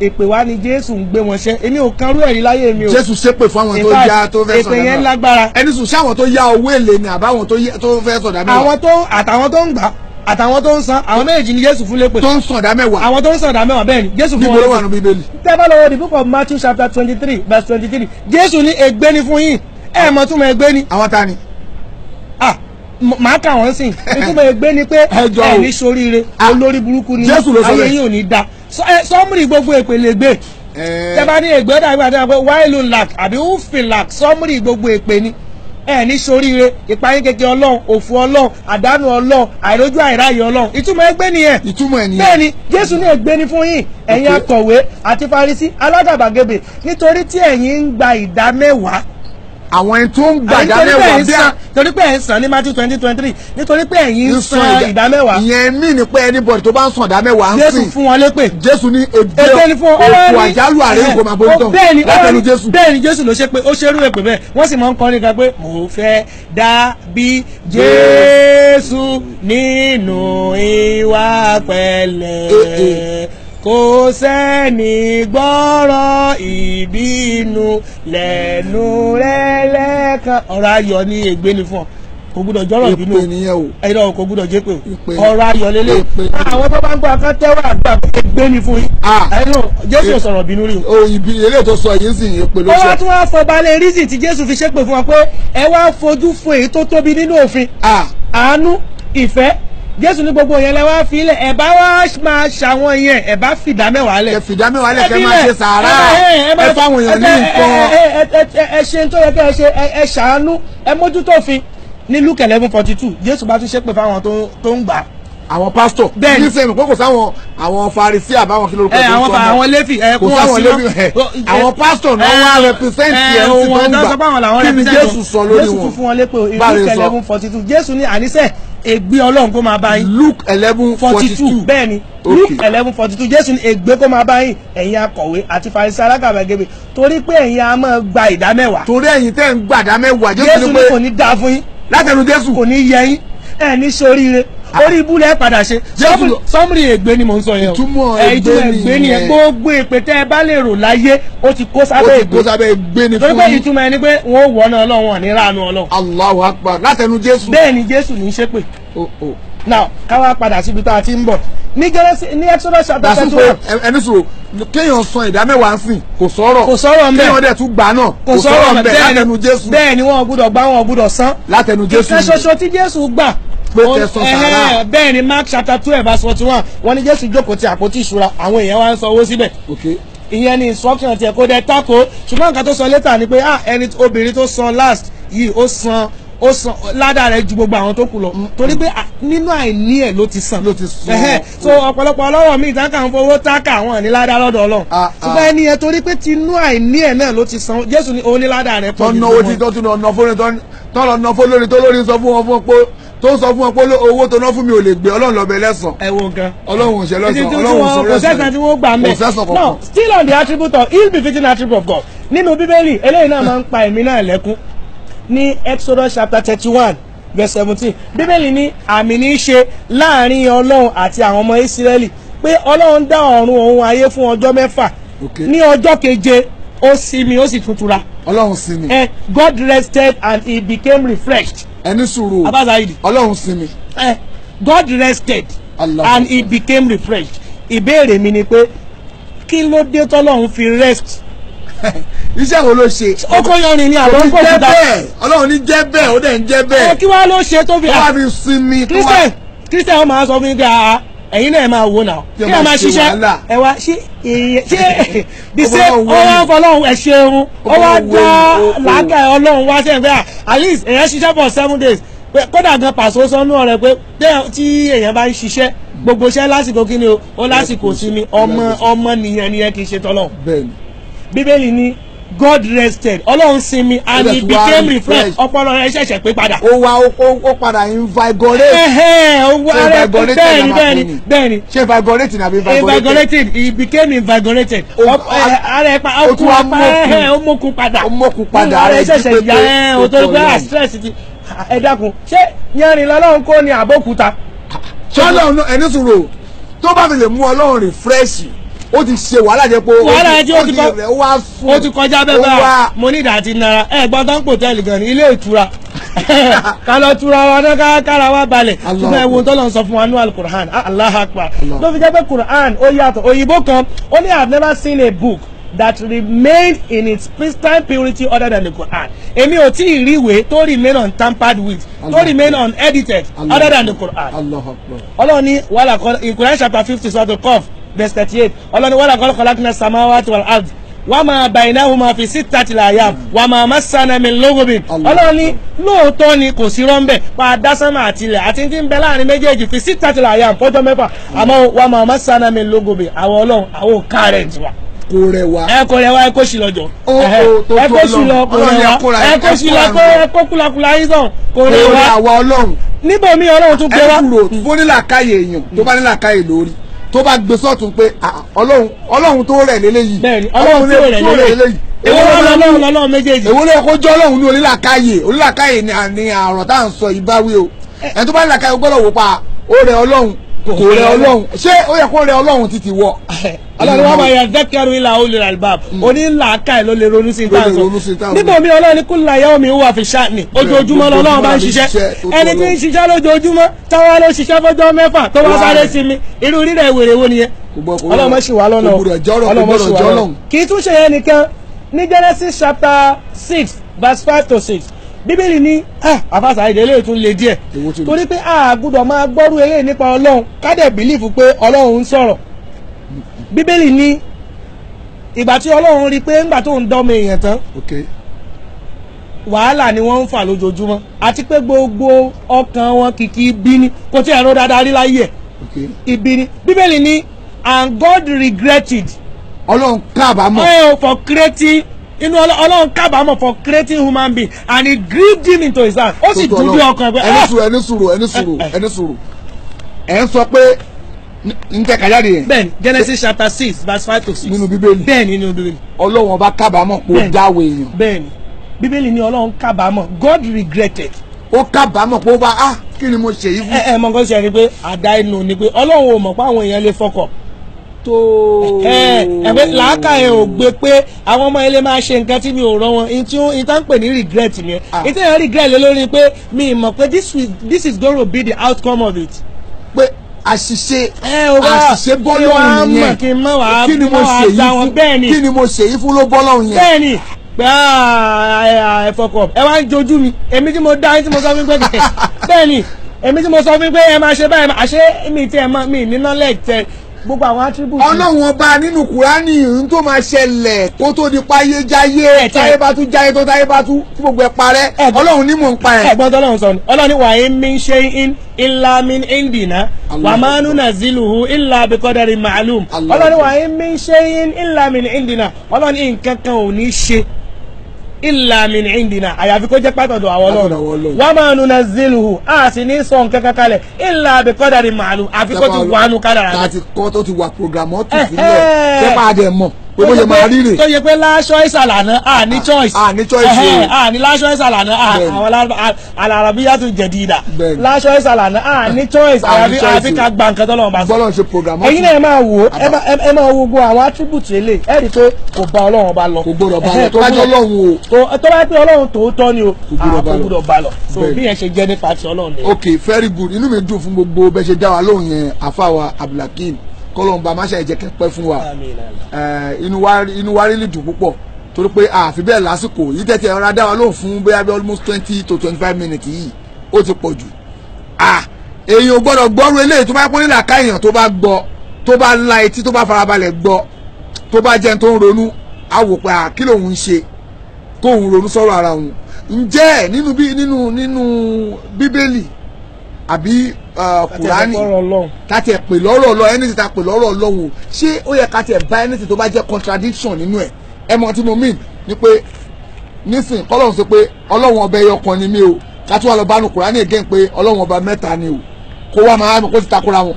èpè wá ni Jésù ń gbé wọn ṣe èmi ò kan rú ẹ̀rí láyé mi o. Jésù ṣépè fún àwọn tó yá tó fẹ́ sọ̀dà mẹ́wàá èpè yẹn lágbára. ẹni sùn ṣé àwọn tó yá owó èlé ni àbáwọn tó fẹ́ sọ̀dà mẹ́wàá. àwọn tó àtàwọn tó ń gbà àtàwọn tó ń san àwọn méjì ni Jésù fún lépè. tó ń san ọ̀dà mẹ́wàá. àwọn tó ń san ọ̀dà mẹ́wàá bẹ́ẹ̀ ni Jésù fún wọn. níbo ló wà nínú Bíbélì. tẹ́fà lọ́wọ́ the book of Matthew chapter twenty three verse twenty three Jésù ní ègbé ni fún yín ẹ̀ mọ̀ túmọ̀ ègbé ni. àwọn ta ni. ah màá kà wọ́n sìn ìtumọ̀ ègbé ni pé ẹ̀ ní soríire ah, olórí burúkú ni ayé yín ò ní da sọ́mùrì gbogbo èpèlè gbé eh. tẹ́fà ní ègbé dàgbà dàgbà ẹ ní soríire ìpayín keke ọlọ́run òfò ọlọ́run àdánù ọlọ́run àìrójú àìráyè ọlọ́run ìtumọ̀ ẹgbẹ́ nìyẹn ìtumọ̀ ẹ̀ nìyẹn bẹ́ẹ̀ ni jésù ní ègbé ni fún yín ẹ̀yin akọ̀wé àti farisí alágàbàgebè nítorí tí ẹ̀yin ń gba ìdá mẹ́wàá àwọn ẹni tó ń gbà ìdá mẹ́wàá bí a. torí pé ẹ̀ ń san ní Matthew twenty twenty three nítorí pé ẹ̀yin ń san ìdá mẹ́wàá. ìyẹn mí ni pé anybody tó bá ń san ìdá mẹ́wàá ń sìn. Jésù fún wọn lépè. Jésù ní èdè òkú àjálù àrẹ ìgò máa bójú tán látẹnu Jésù. bẹ́ẹ̀ ni Jésù ló ṣe pé ó ṣerú èpè bẹ́ẹ̀ wọ́n sì máa ń kọrin kan pé mo fẹ́ dà bí Jésù nínú ìwà pẹ̀lẹ́. Eh, eh kò sẹ́ni gbọ́rọ̀ ìbínú lẹ́nu rẹ́lẹ́kan ọ̀rọ̀ ayọ̀ ni ègbé ni fún ọ kò gbúdọ̀ jọ́rọ̀ ìbínú ẹ̀rọ kò gbúdọ̀ jẹ́ pé ọ̀rọ̀ ayọ̀ lélẹ̀ àwọn tó bá ń gbọ́ akátẹ́wà àgbà ègbé ni fún yín ẹ̀rọ jésù sọ̀rọ̀ bínú rí o. ìbí eléyìí tó sọ yìí sì ń pè ló sọ. ó wá tún wá fọ balẹ̀ rísì tí jésù fi ṣépè fún wa pé ẹ wá fojú fo èyí tó tóbi nínú òfin àánú ìfẹ́ jésù ní gbogbo yẹn lẹ́wọ́ filẹ̀ ẹ̀ bá wá máa ṣàwọn yẹn ẹ̀ bá fìdá mẹ́wàá lẹ̀. ẹ fìdá mẹ́wàá lẹ̀ kẹ́ máa ṣe sàárà ẹ fáwọn èèyàn ní nǹkan. ẹ ṣe tó yẹ kẹ́ ẹ ṣe ẹ ṣàánú ẹ mójútó òfin ní luke eleven forty two jésù bá tún ṣépè fáwọn tó ń gbà á àwọn pásítọ̀ bẹ́ẹ̀ni ní sẹ́yìn kókò sáwọn àwọn farisi àbáwọn kí lórúkọ tó ń sọ náà àwọn lẹ́fì kò sáwọn lẹ́fì àwọn pásítọ̀ náà wọ́n represent ẹ̀ ń ti tó ń gbà kí ni jésù sọ lórí wọn bá a lè sọ jésù ní àníṣe ègbé ọlọ́run kó máa bá yín. luke eleven forty two bẹ́ẹ̀ ni luke eleven forty two jésù ní ègbé kó máa bá yín ẹ̀yin akọ̀wé àti farisi alágàbàgebè torí pé ẹ̀yin a máa gba ìdámẹ́wàá. torí ẹ̀yin tẹ́ ń gba ìdámẹ́wàá jésù ní pé jésù ní kò ní dáa fún yín. látẹnu jésù kò ní yẹ yín ẹ̀ ní ṣoríire orí ibú lẹ padà ṣe sọmúrì ègbé ni mò ń sọ yẹn o ìtumọ̀ ègbé ni gbogbo èpè tẹ́ ẹ bá lè rò láyé ó ti kó sábẹ́ ègbé ó ti kó sábẹ́ ègbé ni fún yín torí pé ìtumọ̀ ẹni pé wọn ò wọ́nà ọlọ́run ní ránu ọlọ́run. Allahu Akbar látẹnu Jésù. bẹ́ẹ̀ ni Jésù ní í ṣépè. Oh, oh. now ká wá padà síbi tá a ti ń bọ̀ ní gẹ́lẹ́sì ní exodus chapter twenty one. ẹni sọ kéèyàn san ìdá mẹ́wàá sìn kò sọ̀rọ̀ kò sọ̀rọ̀ mbẹ́ kéèyàn dẹ̀ tún gbà náà kò sọ̀rọ̀ mbẹ́ látẹnu Jésù. bẹ́ẹ̀ ni wọn ò gbúdọ̀ gbà wọn ò gbúdọ̀ san. látẹnu Jésù ìkan tí Jésù gbà pé tẹ̀sán bẹ́ẹ̀ ni mark chapter twelve verse forty one wọ́n ní jésù jókòó ti àpótí ìṣúra àwọn èèyàn wa ń sanwó síbẹ̀ ìyẹn ni instruction tiẹ̀ kó dẹ tako ṣùgbọ́n nǹkan tó sọ létà ni pé ah ẹni obìnrin tó san last yìí ó san ó san ládàá rẹ ju gbogbo àwọn tó kù lọ torí pé ah, nínú àìní ẹ ló ti san ló ti san. so ọ̀pọ̀lọpọ̀ ọlọ́rọ̀ mi ìtàkà ń fowó táàkà àwọn ní ládàá lọ́dọ̀ ọlọ́run ah, ah. ṣùgbọ́n ẹni yẹn torí pé tinú àìní ẹ náà ló ti san jésù ni òun ní ládàá rẹ pọ̀ jù lọ́wọ́. tọ́nà owó tí tọ́tún náà nọ fún lórí tọ́lọ́ nọ fún lórí tó lórí sọ fún wọn fún pé tó sọ fún ọ owó tó ná fún mi ò lè gbé ọlọ́run lọ́bẹ̀ lẹ́sàn. ẹ gan. ọlọ́run ṣe lọ́sàn ọlọ́run sọ lẹ́sàn. kò sẹ́sàn tí wọ́n gbà no still on the attribute of be fitting attribute of God nínú bíbélì eléyìí náà máa ń pa èmi náà lẹ́kún ní Exodus chapter thirty one verse seventeen bíbélì ní àmì ní í ṣe láàrin ọlọ́run àti àwọn ọmọ Ísírẹ́lì pé ọlọ́run dá ọ̀run òun ayé fún ọjọ́ mẹ́fà ní ọjọ́ keje ó sinmi ó sì tutura. ọlọ́run sinmi. ẹ eh, God rested and he became refreshed. ẹni sùúrù abasaidi. ọlọ́run sinmi. ẹ eh, God rested Allah and he became refreshed. ìbéèrè mi ni pé kí ló dé tọ́lọ́run fi rest iṣẹ́ wo ló ṣe. ó kọ́ yọrin ni àwọn kò fi dá. ọlọ́run ní jẹ́ bẹ́ẹ̀ ó dẹ̀ ń jẹ́ eh, bẹ́ẹ̀. kí wàá ló ṣe tó fi. wọ́n á fi sinmi. kristian kristian ó máa sọ fún mi pé àá ah, ah, ẹ̀yin náà máa wò náà kí ẹ máa ṣiṣẹ́ ẹ wá ṣí ìyẹn tí the same ọwọ́ ọlọ́run ẹ ṣeun ọwọ́ dá làágà ọlọ́run wá sẹ́yìn pé ah, at least èèyàn ṣiṣẹ́ for seven days pé kódà gan pàṣẹ sọnù ọ̀rẹ́ pé tí èèyàn bá ń ṣiṣẹ́ gbogbo iṣẹ́ lásìkò kí ni o ó lásìkò sí mi ọmọ ọmọ nìyẹn nìyẹn kì í ṣe tọ́lọ̀ bíbélì ni God rested ọlọ́run sinmi and he became refreshed ọpọlọ rẹ ṣẹ̀ṣẹ̀ pé padà. ó wá ó padà invigorate. bẹ́ẹ̀ni bẹ́ẹ̀ni bẹ́ẹ̀ni. ṣe invigorate ni àbí invigorated. invigorated he became invigorated. Eh, ara ẹ pa ọkùn apá ó mókun padà. ó mókun padà ara ẹ ṣẹ̀ṣẹ̀ yá ẹ o tó gbé stress ti ẹ dákun ṣé yẹrin lọ́lọ́run kò ní àbókúta. ṣọlọ́run ẹni sùúrù tó bá fi lè mú ọlọ́run rìn fírẹ́ṣì ó ti ṣe wàhálà jẹ pé wàhálà jẹ ó ti rẹ ó wá fún ó ti kọjá bẹ́ẹ̀ bá mo ní ìdá ti nara ẹ gbọ́n pò tẹ́lẹ̀ gan ní ilé ìtura ká lọ tura wa náà kára wa balẹ̀ ṣùgbọ́n ẹ̀wọ̀n tó lọ sọ fún wa ní alukur'an allah ah, akbar ló fi jẹ́ pé Quran. ó yàtọ̀ òyìnbó kan ó ní i have never seen a book that remained in its pristine purity other than the Quran. Èmi ò tí ì rí ìwé tó remain untampered with, tó remain unedited other than the Quran. Ọlọ́run ní wàhálà kọ́ in Quran chapter fifty sọ́tò cough verse thirty eight ọlọ́ni wọ́n làkọ́ khalaqna samawati wal ard wọ́n máa bàyìnà wọn máa fi síta tìlà yá wọ́n máa má sanna mi lógobin ọlọ́ni lóòótọ́ ni kò sí rọ́ńbẹ́ pa adásánmà àtìlẹ̀ àti ti ń bẹ láàrin méjèèjì fi síta tìlà yá fọ́jọ́ mẹ́fà àmọ́ wọ́n máa má sanna mi lógobin àwọn ọlọ́run àwọn ò kárẹ̀ tiwa kò rẹwà. ẹ kò rẹwà ẹ kò sí lọ́jọ́. o o tó tó lọ ẹ kò sí lọ kò rẹwà ẹ kò sí lọ kò ẹ kò kulakula yín sàn kò rẹwà. kò níbo mi ọlọ́run tún gbé wa. ẹ kúrò fún nílàkàyè èèyàn tó bá nílàkàyè lórí tó bá gbé sọ́ọ̀tún pé ah, ọlọ́run tó rẹ̀ lélẹ́yìí ọlọ́run tó rẹ̀ lélẹ́yìí èwo lọ́lọ́run lọ́lọ́run méjèèjì èwo lọ́yẹ kó jọ́ ọlọ́run ní onílàkàyè onílàkàyè ni àrùn tá à ń sọ ìbáwí o eh. ẹni tó bá nílàkàyè gbọ́dọ̀ wò pa ó rẹ̀ ọlọ́run kò rẹ ọlọ́run ṣé ó yẹ kó rẹ ọlọ́run títí wọ. ọlọ́run wa máa yẹ dẹ́kẹ́rù ilà olè albab mm. onílà ká ẹ̀ ló lè ronú sí ìtàn sọ nígbà mi ọlọ́run ní kulla yawmin huwa fi sha'ni ojoojúmọ́ lọ́lọ́run bá ń ṣiṣẹ́ ẹni tí ń ṣiṣẹ́ lójoojúmọ́ táwa ló ṣiṣẹ́ fọjọ́ mẹ́fà tó wá sáré sí mi irú rírẹ̀ wèrè wo nìyẹn ọlọ́mọ ṣì wà lọ́nà ọlọ́mọ ṣì wà lọ́nà kì í tún yẹn nìkan ní Genesis chapter six verse five to six bíbélì ni àfàsà èdè eléyìí tún le díẹ̀ torí pé a gbọ́dọ̀ máa gbọ́rú eléyìí nípa ọlọ́run kádẹ̀ bìlífù pé ọlọ́run ń sọ̀rọ̀ bíbélì ni ìgbà tí ọlọ́run rí pé ńgbà tó ń dọ́mọ èèyàn tán wàhálà ni wọ́n ń fà lójoojúmọ́ àti pé gbogbo ọkàn wọn kìkì ibi ni kò tí ẹ̀rọ dáadáa rí láyé ẹ̀ ibi ni bíbélì ni and God regretted ọlọ́run kábàámọ̀ for creating inú ọlọ́run kábàámọ̀ for creating human being and he grieved him into his heart ó sì dùn bí ọkàn pé. ẹni ah! sùúrù ẹni sùúrù ẹni sùúrù eh, eh. ẹni sùúrù ẹ ń sọ pé n tẹ kàjáde yẹn. bẹ́ẹ̀ni Genesis chapter six verse five to six. nínú bíbélì bẹ́ẹ̀ni nínú bíbélì. ọlọ́run ọba kábàámọ̀ kó dáwọ èèyàn. bẹ́ẹ̀ni bíbélì ni ọlọ́run kábàámọ̀ God regretted. ó kábàámọ̀ pé ó bá a ah, kí ni mo ṣe yìí fún. Eh, ẹ ẹ mọ̀ nǹkan ṣe ni pé àdá ẹnu ni pé ọlọ́run ò mọ̀ pé àwọn èèyàn lè fọkọ̀ tó. ẹ ẹ pé làákà ẹ ò gbé pé àwọn ọmọ ilé máa ṣe nǹkan tí mi ò rán wọn n tí n tá ní regret ni n ah. yẹn regret lé lórí pé mi mọ̀ pé this is going to be the outcome of it. pé àṣìṣe àṣìṣe bọ́lọ́hún yẹn kí ni mo ṣe yìí fún kí ni mo ṣe yìí fún ló bọ́lọ́hún yẹn. bẹ́ẹ̀ni pé ah, ẹ fọkọ ẹ wá ń jojú mi èmi tí mo dá yín tí mo sọ fún pé bẹ́ẹ̀ni èmi tí mo sọ fún pé ẹ máa ṣe báyìí àṣé mi tí ẹ máa mi ní knowledge gbogbo àwọn attributes. ọlọ́run ọba nínú kùránì ń tó máa ṣẹlẹ̀ kó tó di páyé jáyé táyé bá tú jáyé tó táyé bá tú tí gbogbo ẹ parẹ́ ọlọ́run ní mò ń pa ẹ̀. ẹ̀gbọ́n tọ́lọ́run sọ ni ọlọ́run wà á mi ṣe in illa min indina wà máa nù nà ziluhu illa biqadari ma'lum ọlọ́run wà á mi ṣe in illa min indina ọlọ́run nǹkan kan ò ní ṣe illa min indina àyàfi kó jẹ́ pátọ̀dọ̀ àwọn ọlọ́run wa ma nunazziluhu a sì ní sọ nǹkan kan kalẹ̀ illa bi qadarin ma'lum àfi kó ti wà nù kádàrà. láti kọ́ tó ti wà programmọ́ tù sílẹ̀ tẹ́pá dẹ̀ mọ̀ pé bó ṣe máa rí rè. tó yẹ pé láṣọ ìsàlànà a ní ah, choice. a ní choice o a ní láṣọ ìsàlànà a àwọn alárabíyá tún jẹ̀dí ìdá. láṣọ ìsàlànà a choice àyàfi àti ká gba nǹkan tọ́lọ́run bá sọ. bọ́lọ̀ ṣe program. ẹ̀yin náà ẹ máa wò ẹ máa wo gbogbo àwọn attributes eléyìí ẹ rí i pé kò bá ọlọ́run bá lọ. kò gbọdọ̀ bá lọ tó bá jẹ́ ọlọ́run o. tó bá pé ọlọ́run tòótọ́ ni o kò gbọdọ̀ bá lọ. so bí yẹn ṣe jẹ́ nípa ti ọlọ́run ni. ok very good inú mi dùn fún gbogbo bẹ́ẹ̀ ṣe dá wa lóhùn yẹn àfáwa abdulhakeem kọlọ́nba má ṣàìjẹ́ kẹ́pẹ́ fún wa eh, inú wa rí dùn púpọ̀ torí pé àfi bẹ́ẹ̀ lásìkò yìí tẹ́tí ẹ̀rọ adá lóhùn fún bẹ́ẹ̀ bí almost twenty to twenty five minutes yìí ó ti pọ̀ jù èyí ò gbọ́dọ̀ gbọ́rú eléyìí tó bá pọ́n nílà ká tó bá gbọ́ tó bá ńlá etí tó bá farabalẹ̀ gbọ́ tó bá jẹun tó ń ronú àwò pé kí lòun ń ṣe kóun ronú sọ̀rọ̀ ara òun ǹjẹ́ nínú bíbélì àbí kùránì uh, láti ẹ̀ lọ́rọ̀ ọlọ́run ẹni tí ta lọ́rọ̀ ọlọ́run ṣé ó yẹ ká tiẹ̀ bá ẹni tí tó bá jẹ́ contradiction nínú ẹ̀ ẹ mọ tí mo mean ni pé nísìn kọ́lọ́run sọ pé ọlọ́run ọba ẹyọ kan ni mí o ká wà lọ bánu kùránì again pé ọlọ́run ọba mẹ́ta ni o kó wá máa kó ti takora wọn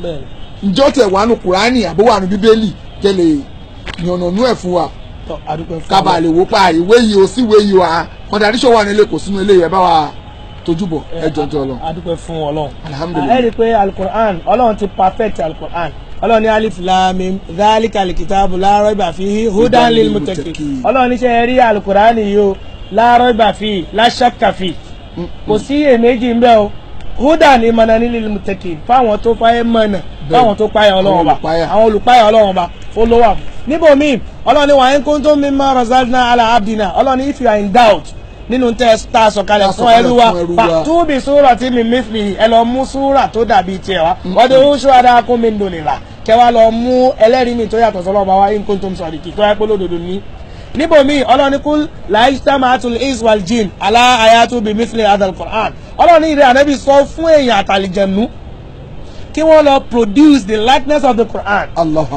ǹjẹ́ ó wà nù kùránì àbó wà nù bíbélì kẹlẹ̀ yànnànú ẹ̀ fún wa kábàlẹ̀ wò pa ìwé yìí o síwèé yìí wa contradiction wà nílé kò sínú eléyìí ẹ bá wa tojúbọ ẹjọ tó Ọlọ́run. adúpẹ́ fún Ọlọ́run. alhamdulilayi. ẹ rí i pé alukur'an Ọlọ́run ti perfect alukur'an Ọlọ́run ní alif lamim dhalika alikitaabu la raiba fihi hudan lil muttaqin Ọlọ́run ní sẹ rí alukur'an yìí o la raiba fihi la shakka fihi mm, mm. kò sí iyèméjì ń bẹ o hudan ìmọ̀nà lil muttaqin fáwọn tó fáyé mọ̀nà fáwọn tó páyà Ọlọ́run ba àwọn olùpáyà Ọlọ́run ba olówó àbò níbo mi Ọlọ́run ní wàá ń kó tó mímọ́ razalna ala abdina Ọlọ́run ní if you are in doubt nínú tẹ́ ta sọ̀kalẹ̀ fún ẹrú wa pàtúbì súrà tí mi mìfì ẹ lọ mú súrà tó dàbí tiẹ̀ wá mm. wọ́n dé oṣù adáàkún mi dònìlà kẹwàá lọ mú ẹlẹ́rìí mi tó yàtọ̀ sọlọ́ọ̀bá wa in kuntum sadiqin tó yẹ pé lódodo ní níbòmí ọlọ́ni kú laistamatul iswal jin aláàyàtú bimithli hadha al-Qur'an ọlọ́ni ìrẹ́ ànábì sọ fún èèyàn àtàlìjẹ̀nú kí wọ́n lọ produce the likeness of the Quran.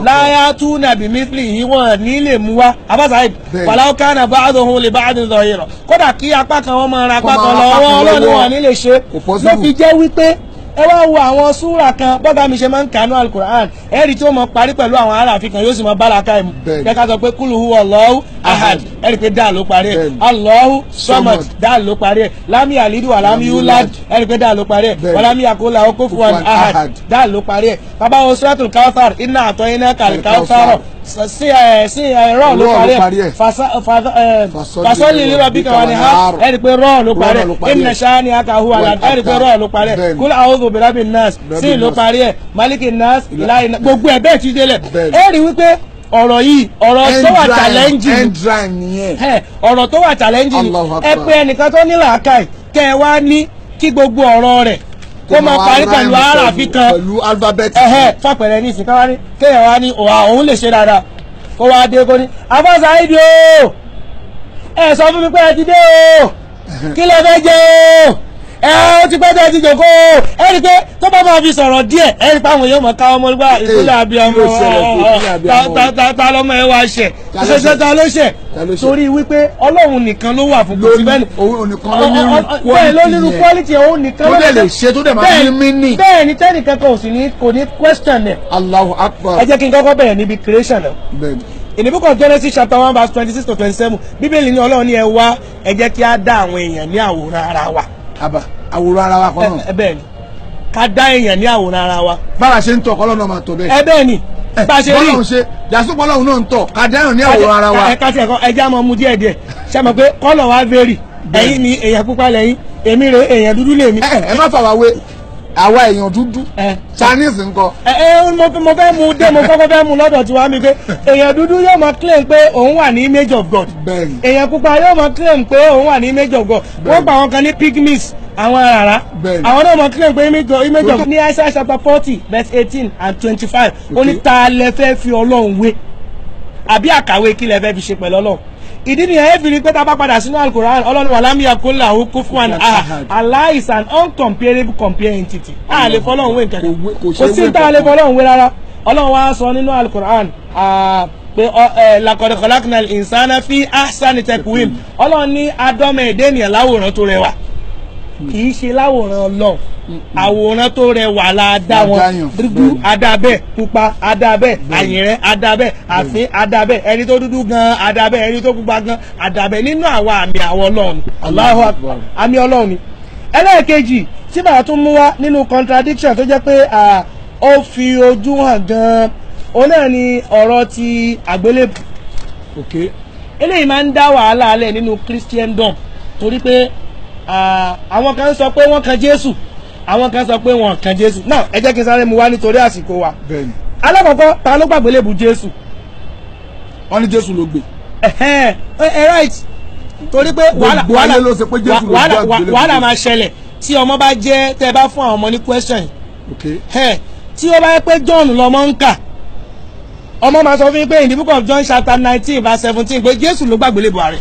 láyà tún nàbí mithlihi wọn ní lè mú wa abáṣáì pàlàkà náà bá àdóhùn lè bá àdóhùn sọ yìí rọ kódà kí apá kan wọn máa ra apá kan lọ wọn ọlọ́run wọn ní lè ṣe ló fi jẹ́ wípé ẹ wá wo àwọn súra kan bọ́gà mi ṣe máa ń kànú alukur'an ẹ tí ó mọ parí pẹ̀lú àwọn aráàfin kan yóò sì mọ bálaka ẹ̀ mú sọ pé kúlù hu ahad ẹ pé dáà parí ẹ̀ Allahu samad dáà parí ẹ̀ lámì àlídù àlámì ulad ẹ pé dáà parí ẹ̀ wàlámì àkólà okòfò ahad dáà parí ẹ̀ bàbá wo suratul kawthar iná àtọ́ iná kàlí kawthar sí rọ́ọ̀ ló parí ẹ̀ fasọ́lì lérò bí kàwọn ni ha ẹ̀ rí pé rọ́ọ̀ ló parí ẹ̀ ìmìnà ṣáá ni aka hu àlà ẹ̀ rí pé rọ́ọ̀ ló parí ẹ̀ kúlẹ̀ àwòzò bẹ̀rẹ̀bì nas sí ló parí ẹ̀ maliki nas láì nas gbogbo ẹ̀ bẹ́ẹ̀ ti délẹ̀ ẹ̀ rí wípé ọ̀rọ̀ yìí ọ̀rọ̀ tó wà challenging ọ̀rọ̀ tó wà challenging ẹ pé ẹnìkan tó ní làákàyè kẹ́ ẹ wá ní kí gbogbo ọ̀rọ̀ rẹ̀ kó máa parí pẹ̀lú aráàfin kan pẹ̀lú alifábẹ́ẹ̀tì ẹ̀hẹ́ fàpẹ̀rẹ̀ ní ìsìn káwárí kéèyàn wá ní òwà òun lè ṣe dáadáa kó wá dé kó ní Àfà Saheed o ẹ sọ fún mi pé ẹ ti dé o kí lẹ fẹ́ jẹ o ẹ ó ti pẹ́ tẹ́ ti jòkó ẹ rí i pé tó bá máa fi sọ̀rọ̀ díẹ̀ ẹ rí i pé àwọn èèyàn máa ká ọmọ nígbà eh, ìpínlẹ̀ abiyamọ ta lọ́mọ ẹ wá ṣẹ̀ ṣẹṣẹ ta ló ṣẹ̀ torí wípé ọlọ́run nìkan ló wà fún kòtí bẹ́ẹ̀ bẹ́ẹ̀ ló nínú quality ẹ̀ òun nìkan ló lè ṣe tó dẹ̀ máa ní mí nì. bẹ́ẹ̀ ni tẹ́nìkan kan ò sì ní kò ní question ẹ̀. Allahu Akbar. ẹ jẹ́ kí n kọ́kọ́ bẹ̀rẹ̀ níbi creation náà in the book of Genesis chapter one verse twenty six to twenty seven bíbélì ní ọlọ́run ní ẹ wá ẹ jẹ́ kí á dá àwọn èèyàn ní àwòrán ara wa àbá àwòrán ara wa kan náà. ẹ bẹ́ẹ̀ ni ká dá èèyàn ní àwòrán ara wa. bára ṣe ń tọ kọ́lọ́ náà máa tọ bẹ́ẹ̀. ẹ bẹ́ẹ̀ ni bá ṣe rí bọ́lá ṣe jàsúpọ̀ náà ń tọ̀ ká dá èèyàn ní àwòrán ara wa. ẹ ká tiẹ̀ kọ́ ẹ já mọ́ mu díẹ̀ díẹ̀ ṣe mọ̀ pé kọ́lọ̀ wa vary ẹ̀yin ni èèyàn pupa lẹ́yìn èmi rè èèyàn dúdú lèmi. ẹ ẹ má fà wá wé àwa èèyàn dúdú eh. chinese ńkọ́. ẹ ẹ mo fẹ́ mu dé mo kọ́kọ́ fẹ́ mu lọ́dọ̀ tiwa mi pé èèyàn dúdú yóò máa claim pé òun wà ní image of god èèyàn pupa yóò máa claim pé òun wà ní image of god wọ́n gba àwọn kan ní pygmies àwọn rárá àwọn náà máa claim pé image of image of ní isaiah chapter forty verse eighteen and twenty-five ó ní ta lẹ fẹ́ fi ọlọ́run wé àbí àkàwé kí lẹ fẹ́ fi ṣe pẹ̀lú ọlọ́run ìdí nìyẹn ẹ fi rí pé tá a bá padà sínú alukoran ọlọ́run wà lámìyà kó là ó kó fún àná Allah is an uncomparable compare entity a lè fọlọ́run wé nǹkan kò sí tá a lè fọlọ́run wé rárá ọlọ́run wá sọ nínú alukoran pé lakọ̀dẹ̀kọ̀lákùnà ìsánáfí ahsan tẹkùwìm ọlọ́run ní adọ́mẹ̀ẹ́dẹ́nìyàn láwòrán tó rẹwà kì í ṣe láwòrán ọlọ́run àwòrán tó rẹwà la dá wọn dúdú adábẹ́ pupa adábẹ́ àyìnrẹ́ adábẹ́ àfin adábẹ́ ẹni tó dúdú gan adábẹ́ ẹni tó pupa gan adábẹ́ nínú àwa àmì àwọn ọlọ́run Allahu Akbar àmì ọlọ́run ni ẹlẹ́ẹ̀kejì tí bàbá tún mú wá nínú contradiction tó jẹ́ pé ó fi ojú hàn gan-an òun náà ni ọ̀rọ̀ ti àgbélébù eléyìí máa ń dá wàhálà alẹ́ nínú Christendom torí pé Ah, àwọn kan sọ pé wọ́n kan Jésù àwọn kan sọ pé wọ́n kan Jésù náà ẹ jẹ́ kí n sáré mu wá nítorí àsìkò wa alákọ̀ọ́kọ́ ta ló gbàgbé lébu Jésù. wọ́n ní Jésù ló gbé. ẹ right torí pé wàhálà máa ṣẹlẹ̀ tí ọmọ bá jẹ́ tẹ́ bá fún àwọn ọmọ ní question tí ó bá yẹ pé John lọmọ ń kà ọmọ máa sọ fún yín pé in the book of John chapter nineteen verse seventeen pé Jésù ló gbàgbé lébu ààrẹ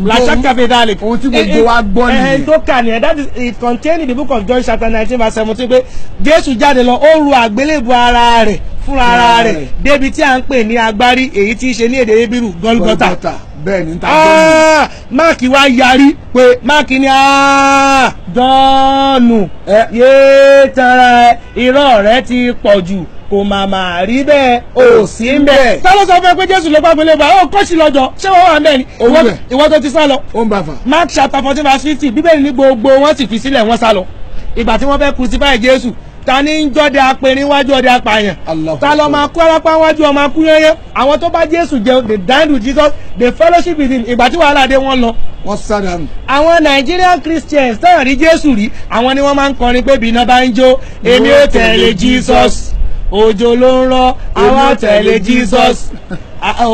làṣàkà fi dálé. ohun tí gbogbo wa gbọ́ eh, eh, nìyẹn. ẹ̀hìn tó kà nìyẹn that is it contained the book of John chapter nineteen verse seventeen pé Jésù jáde lọ ó ru àgbélébù ara rẹ̀ fúnra ara rẹ̀ débi tí a ń pè ní agbárí èyí tí í ṣe ní èdè Hébérù Gọ́lgọ́tà bẹ́ẹ̀ ni ta gbọ́ mi. Ah, máàkì wá yarí pé máàkì ni ah, dọ́ọ̀nù eh. yéé tara ẹ irọ́ rẹ ti pọ̀ jù kò má má rí bẹ́ẹ̀ o sí ń bẹ́ẹ̀. ta ló sọ fún ẹ pé jésù ló gbàgbé lè bá ọ kọ́sì lọ́jọ́ ṣé wọ́n wà ń bẹ́ẹ̀ ni ìwọ tó ti sá lọ. ó ń bá fà. mark chapter fourteen verse fifty bíbélì ní gbogbo wọn sì fi sílẹ̀ wọn sá lọ ìgbà tí wọ́n fẹ́ crucify jésù ta ní ń jọ́dẹ apẹ̀rin wájú ọdẹ apààyàn ta lọ máa kú arápá wájú ọmọ akúnyẹ́yẹ́ àwọn tó bá jésù jẹun they dine with jesus they fellowship with him ìgbà tí wàhálà dé wọ́n lọ. wọ́n sá dànù. àwọn nigerian christians tẹ́lẹ̀ rí jésù rí àwọn ni wọ́n máa ń kọrin pé bí iná bá ń jó èmi ò tẹ̀lé jesus òjò ló ń rán àwa tẹ̀lé Jesus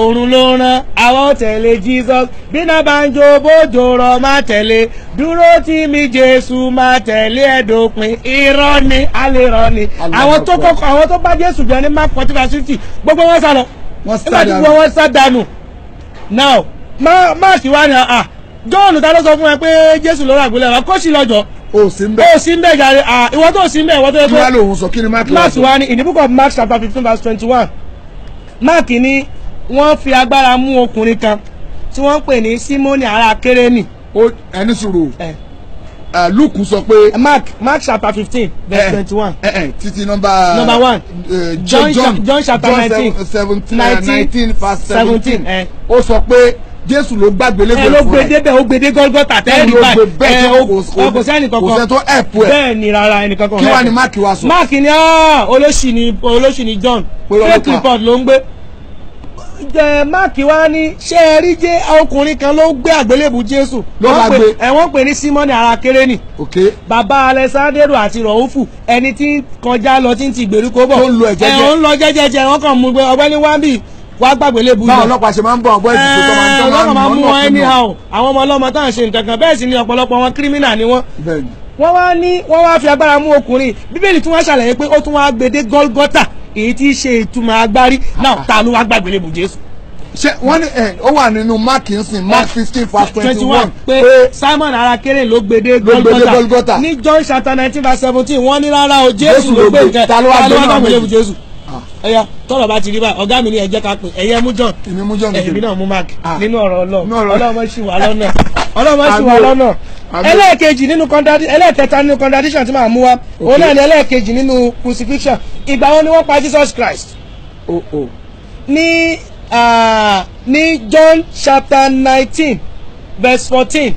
òrùn ló ń rán àwa tẹ̀lé Jesus bínà bá ń jó bójò rọ má tẹ̀lé dúró tí mi Jésù má tẹ̀lé ẹ̀dópin irọ́ ni alẹ́ rọ ni àwọn tó kọ́kọ́ àwọn tó bá Jésù jẹ́ ní mark forty five fifty gbogbo wọn sá lọ wọ́n sá dànù now má má sì wá ní à ah, John ta ló sọ fún ẹ pé Jésù ló rà gbélé wa kó sì lọ́jọ́ o sí ń bẹ. o sí ń bẹ jàre ah ìwọ tó sí ń bẹ ìwọ tó yẹ pé. kí wàá sọ kí ni mark lọ sọ. mark wa ni in the book of mark chapter fifteen verse twenty-one mark ni wọ́n fi agbára mú ọkùnrin kan tí wọ́n ń pè ní simoni ará kérénì. ó ẹni sùúrù luke sọ pé. Eh, mark mark chapter fifteen verse eh, twenty-one. Eh, títí nọmba. nọmba one john john chapter nineteen nineteen verse seventeen ó sọ pé jésù ló gbàgbé lébè fún rẹ. ẹ ló gbé débẹ̀ ó gbé dé gọ́lgọ́tà tẹ́ẹ̀rì báyìí ẹ kò sẹ́ni kankan kò sẹ́ni tó ẹ̀pù ẹ̀ bẹ́ẹ̀ ni rárá ẹnì kankan kí wàá ni máàkì wa sọ. máàkì ni ah, olóṣì ni olóṣì ni john fake report ló ń gbé máàkì wa ní ṣé ẹ rí jẹ́ ọkùnrin kan ló gbé àgbélébù jésù ló bá gbé ẹ̀wọ̀n pè ní simoni arakereni bàbá alessandro àti rọ̀húfù ẹni tí ń kọjá lọ tí ń ti gbèríko bọ̀ ẹ̀wọ̀n ń lọ jẹ́jẹ́jẹ́ wọ́n kàn mú ọgbẹ́ni wábì wàá gbàgbé lébu náà. báwọn ọlọ́pàá ṣe máa ń bọ̀ ọ̀bọ̀ ìdìbò tó máa ń tọ́ wọn. ọlọ́mọ mú wọn anyhow àwọn ọmọ ọlọ́mọ tá à ń ṣe nǹkan kan bẹ́ẹ̀ sì ni ọ̀pọ̀lọpọ̀ wọn kírímínà ni wọ́n. wọ́n wá ní wọ́n wá fi agbára mú ọkùnrin bíbélì tí wọ́n ṣàlàyé pé ó tún wá gbèdé gọ́lgọ́tà èyí tí í ṣe ìtumọ̀ agbárí náà ta ló wá gbàgbé lébu jésù ṣe wọ́n ní ẹ ó wà nínú mark nsìn mark fifteen verse twenty one pé simon arakere ló gbede golgotha ní john chapter nineteen verse seventeen wọ́n ní rárá o jésù ló gbé nǹkan ta ló wá gbé nǹkan jésù ẹyà tọrọ bá ti rí báyìí ọgá mi ni ẹ jẹ́ ká pè ẹyẹ mú john èmi mú john èmi náà mú mark ah. nínú ọ̀rọ̀ Ọlọ́run Ọlọ́run má ṣì wá lọ́nà Ọlọ́run má ṣì wá lọ́nà ẹlẹ́ẹ̀kejì nínú ẹlẹ́ẹ̀kẹta nínú contradiction tí màá mú wa òun náà ni ẹlẹ́ẹ̀kejì nínú crucifixion ìgbà wo ni wọ́n pa Jesus Christ ní ní John chapter nineteen verse fourteen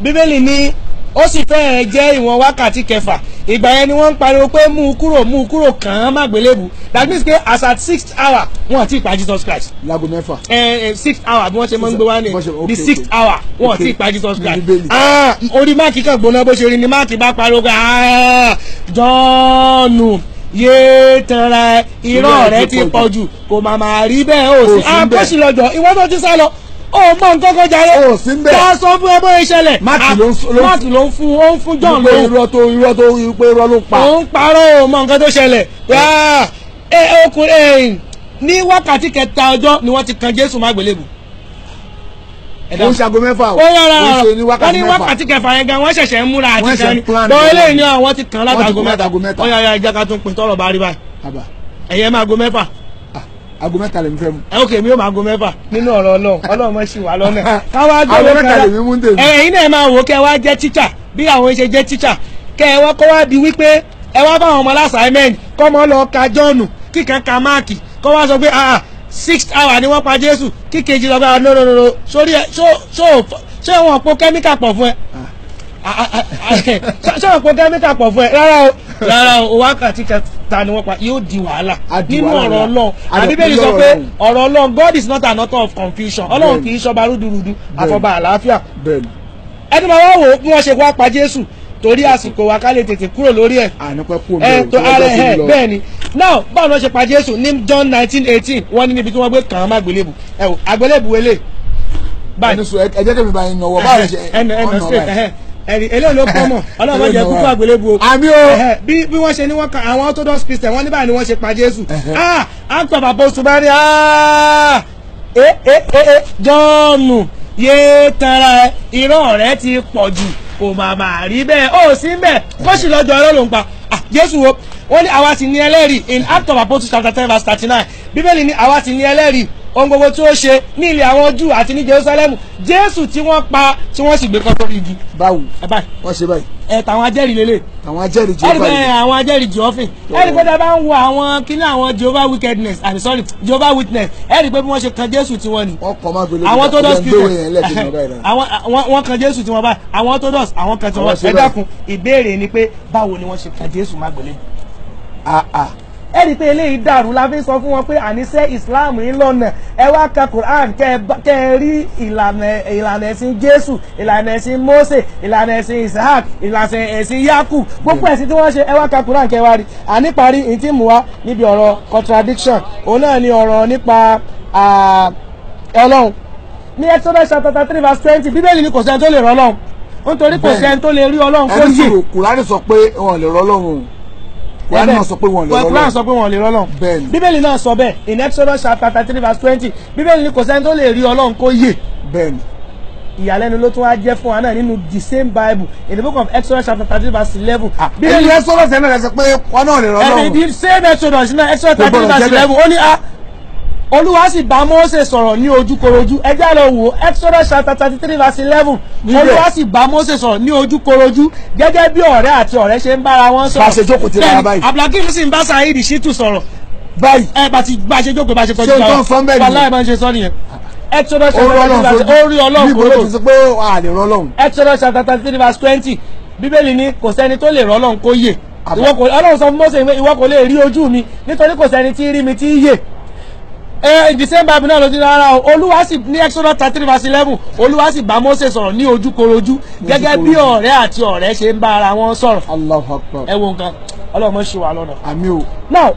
bíbélì ni ó sì fẹ́ẹ̀ jẹ́ ìwọ̀n wákàtí kẹfà ìgbà yẹn ni wọ́n ń pariwo pé mú un kúrò mú un kúrò kàn án má gbélébùú that means pé as at sixth hour wọn ti pa jesus christ. lago mẹ́fà. ẹ eh, ẹ eh, sixth hour bí wọ́n ṣe máa ń gbé wá ní the sixth hour wọn ti pa jesus christ. Ah, orí máàkì kan gbóná bó ṣe rí ni máàkì bá pariwo gan ah, jọ́ọ̀nù yéé tẹ̀ra irọ́ rẹ ti pọ̀ jù kò má má rí bẹ́ẹ̀ o sí àkóṣì lọ́jọ́ ìwọ́n tó ti sá lọ o mọ nǹkan kan jàre o sí ń bẹ ká sọ fún ẹ bó ẹ ah, ló ń fún ó ń fún john ló ń pa ó ń parọ́ o mọ nǹkan tó ṣẹlẹ̀ eh ẹ ọkùnrin ní wákàtí kẹta ọjọ́ ni wọ́n ti kan Jésù má wọ́n ṣàgó mẹ́fà o wọ́n ní wákàtí mẹ́fà wọ́n ní wákàtí kẹfà yẹn gan wọ́n ṣẹ̀ṣẹ̀ ń múra àti sẹ́ni bọ́ọ̀ eléyìí ni àwọn ti kan látago mẹ́ta ọ̀yà ọ̀yà ìjàkà tó ń pin tọ́rọ̀ bá rí báyìí ẹ̀yẹ́ máa go mẹ́fà ah, aago mẹ́ta lèmi fẹ́ mu. ẹ ok mi ò máa go mẹ́fà nínú ọ̀rọ̀ Ọlọ́run Ọlọ́run mọ̀ sí wa lọ́nà. Ah, kíkan ka máàkì kọ́ wá sọ pé ah, ah sixth hour ni wọ́n pa jésù kíkejì sọ pé no no no no sórí ẹ ṣé wọn po kẹ́míkà pọ̀ fún ẹ ṣé wọn po kẹ́míkà pọ̀ fún ẹ rárá o rárá o wákàtí kẹta ni wọ́n pa yóò di wàhálà nínú ọ̀rọ̀ ọlọ́run àbíbélì sọ pé ọ̀rọ̀ ọlọ́run God is not an author of confusion ọlọ́run kì í ṣọba rúdurùdu àfọba àlàáfíà ẹni máa wá wò ó bí wọ́n ṣe wá pa jésù torí àsìkò wa ká lè tètè kúrò lórí ẹ̀ ẹ̀ tó ara ẹ̀ bẹ́ẹ̀ ni now báwo ni wọ́n ṣe pa jésù ní john nineteen eighteen wọ́n ní níbi tí wọ́n gbé kàn án má gbélébù ẹ wò àgbélébù wẹlé. báyìí ẹ jẹ́ kébì báyìí nọ̀wọ́ báwo ṣe ọ̀nà báyìí eléyìí ló pọ̀ mọ̀ ọlọ́run jẹ́ kúkú àgbélébù o bí wọ́n ṣe ni wọ́n kàn àwọn orthodox christian wọ́n ní báyìí ni wọ́n ṣe pa jésù ah akpa bàbá oṣù bá rí ah eh eh eh, eh. jọ́ọ̀nù yéé tara ẹ irọ́ rẹ ti pọ̀ jù kò mà mà rí bẹ́ẹ̀ ó sì ń bẹ̀ kó sì lọ́jọ́ ọlọ́run pa jésù o ó ní àwa sì ní ẹlẹ́rìí in act of apostles chapter ten verse thirty nine bíbélì ní àwa sì ní ẹlẹ́rìí ohun gbogbo tí ó ṣe ní ilẹ̀ àwọn Júù àti ní Jerusalem Jésù tí wọ́n pa tí wọ́n sì gbé kọ́ sórí igi. báwo wọ́n ṣe báyìí. ẹ tàwọn ajẹ́rìí lélẹ̀. tàwọn ajẹ́rìí Jehovah wíkẹ́dness. ẹni pé àwọn ajẹ́rìí Jehovah ẹni pé dábàá ń wo àwọn kíní àwọn Jehovah wickedness àmì sorry Jehovah witness ẹni pé bí wọ́n ṣe kan Jésù tí wọ́n ni. wọ́n kọ́ máa gbélé àwọn tó dọ́s christian wọ́n kan Jésù tí wọ́n bá àwọn tó dọ́s àwọn kan tí wọ́n ẹ dákun ìbéèrè ni pé báwo ni wọ́n ṣe kan Jésù má gbélé. Ah, ah ẹ rí i pé eléyìí dàrú la fi ń sọ fún wọn pé àníṣe Islam yín lọ́nà ẹ wá ka Quran kẹ ẹ rí ìlànà ìlànà ẹ̀sìn Jésù ìlànà ẹ̀sìn Mósè ìlànà ẹ̀sìn Isaac ìlànà ẹ̀sìn Yakub gbogbo ẹ̀sìn tí wọ́n ṣe ẹ wá ka Quran kẹ wá rí àníparí ìtí mú níbi ọ̀rọ̀ contradiction òun náà ni ọ̀rọ̀ nípa Ọlọ́run ní Exodus chapter thirty three verse twenty bíbélì ni kò sẹ́ni tó lè rọ́ Ọlọ́run nítorí kò sẹ́ni tó lè rí Ọlọ́run kó jì wọn náà sọ pé wọn lè rọlọ́run wọn náà sọ pé wọn lè rọlọ́run bẹ́ẹ̀ni bíbélì náà sọ bẹ́ẹ̀ in Exodus chapter thirty verse twenty bíbélì ni kò sẹ́ni tó lè rí ọlọ́run kó yè bẹ́ẹ̀ni ìyàlẹ́nu ló tún wá jẹ́ fún wa náà nínú the same bible in the book of exodus chapter thirteen verse eleven. Ah, bíbélì exodus ẹ̀ náà rẹ̀ sọ pé wọn náà lè rọlọ́run. ẹ̀mí the same exodus náà exodus thirteen verse eleven ó ní a ah, olúwa sì bá Mósè sọ̀rọ̀ ní ojúkorojú ẹ jẹ́ lọ wò exodus chapter thirty three verse eleven olúwa sì bá Mósè sọ̀rọ̀ ní ojúkorojú gẹ́gẹ́ bí ọ̀rẹ́ àti ọ̀rẹ́ ṣe ń bára wọn sọ̀rọ̀ báṣe jókòó ti ra báyìí abdulhakeem sì ń bá saheed shitu sọ̀rọ̀ báyìí ẹ bá ti báṣe jókòó báṣe kọjú lọ ṣé o tó ń fọ́n bẹ́ẹ̀ ni wàhálà ẹ̀ máa ń ṣe sọ nìyẹn exodus chapter thirty three verse twenty bíbélì ni kò sẹ́ni tó lè rọ́ ọlọ́run kó yè ọlọ́run sọ fún Mósè ìwọ kò lè rí ojú mi nítorí kò sẹ́ni tí rí mi tí yè December náà ló rárá o olúwa sì ní Exodus thirty three verse eleven olúwa sì bá Mósè sọ̀rọ̀ ní ojúkorojú gẹ́gẹ́ bí ọ̀rẹ́ àti ọ̀rẹ́ ṣe ń bá ara wọn sọ̀rọ̀ ẹ wo nǹkan ọlọ́run ṣe wà lọ́nà. àmì o.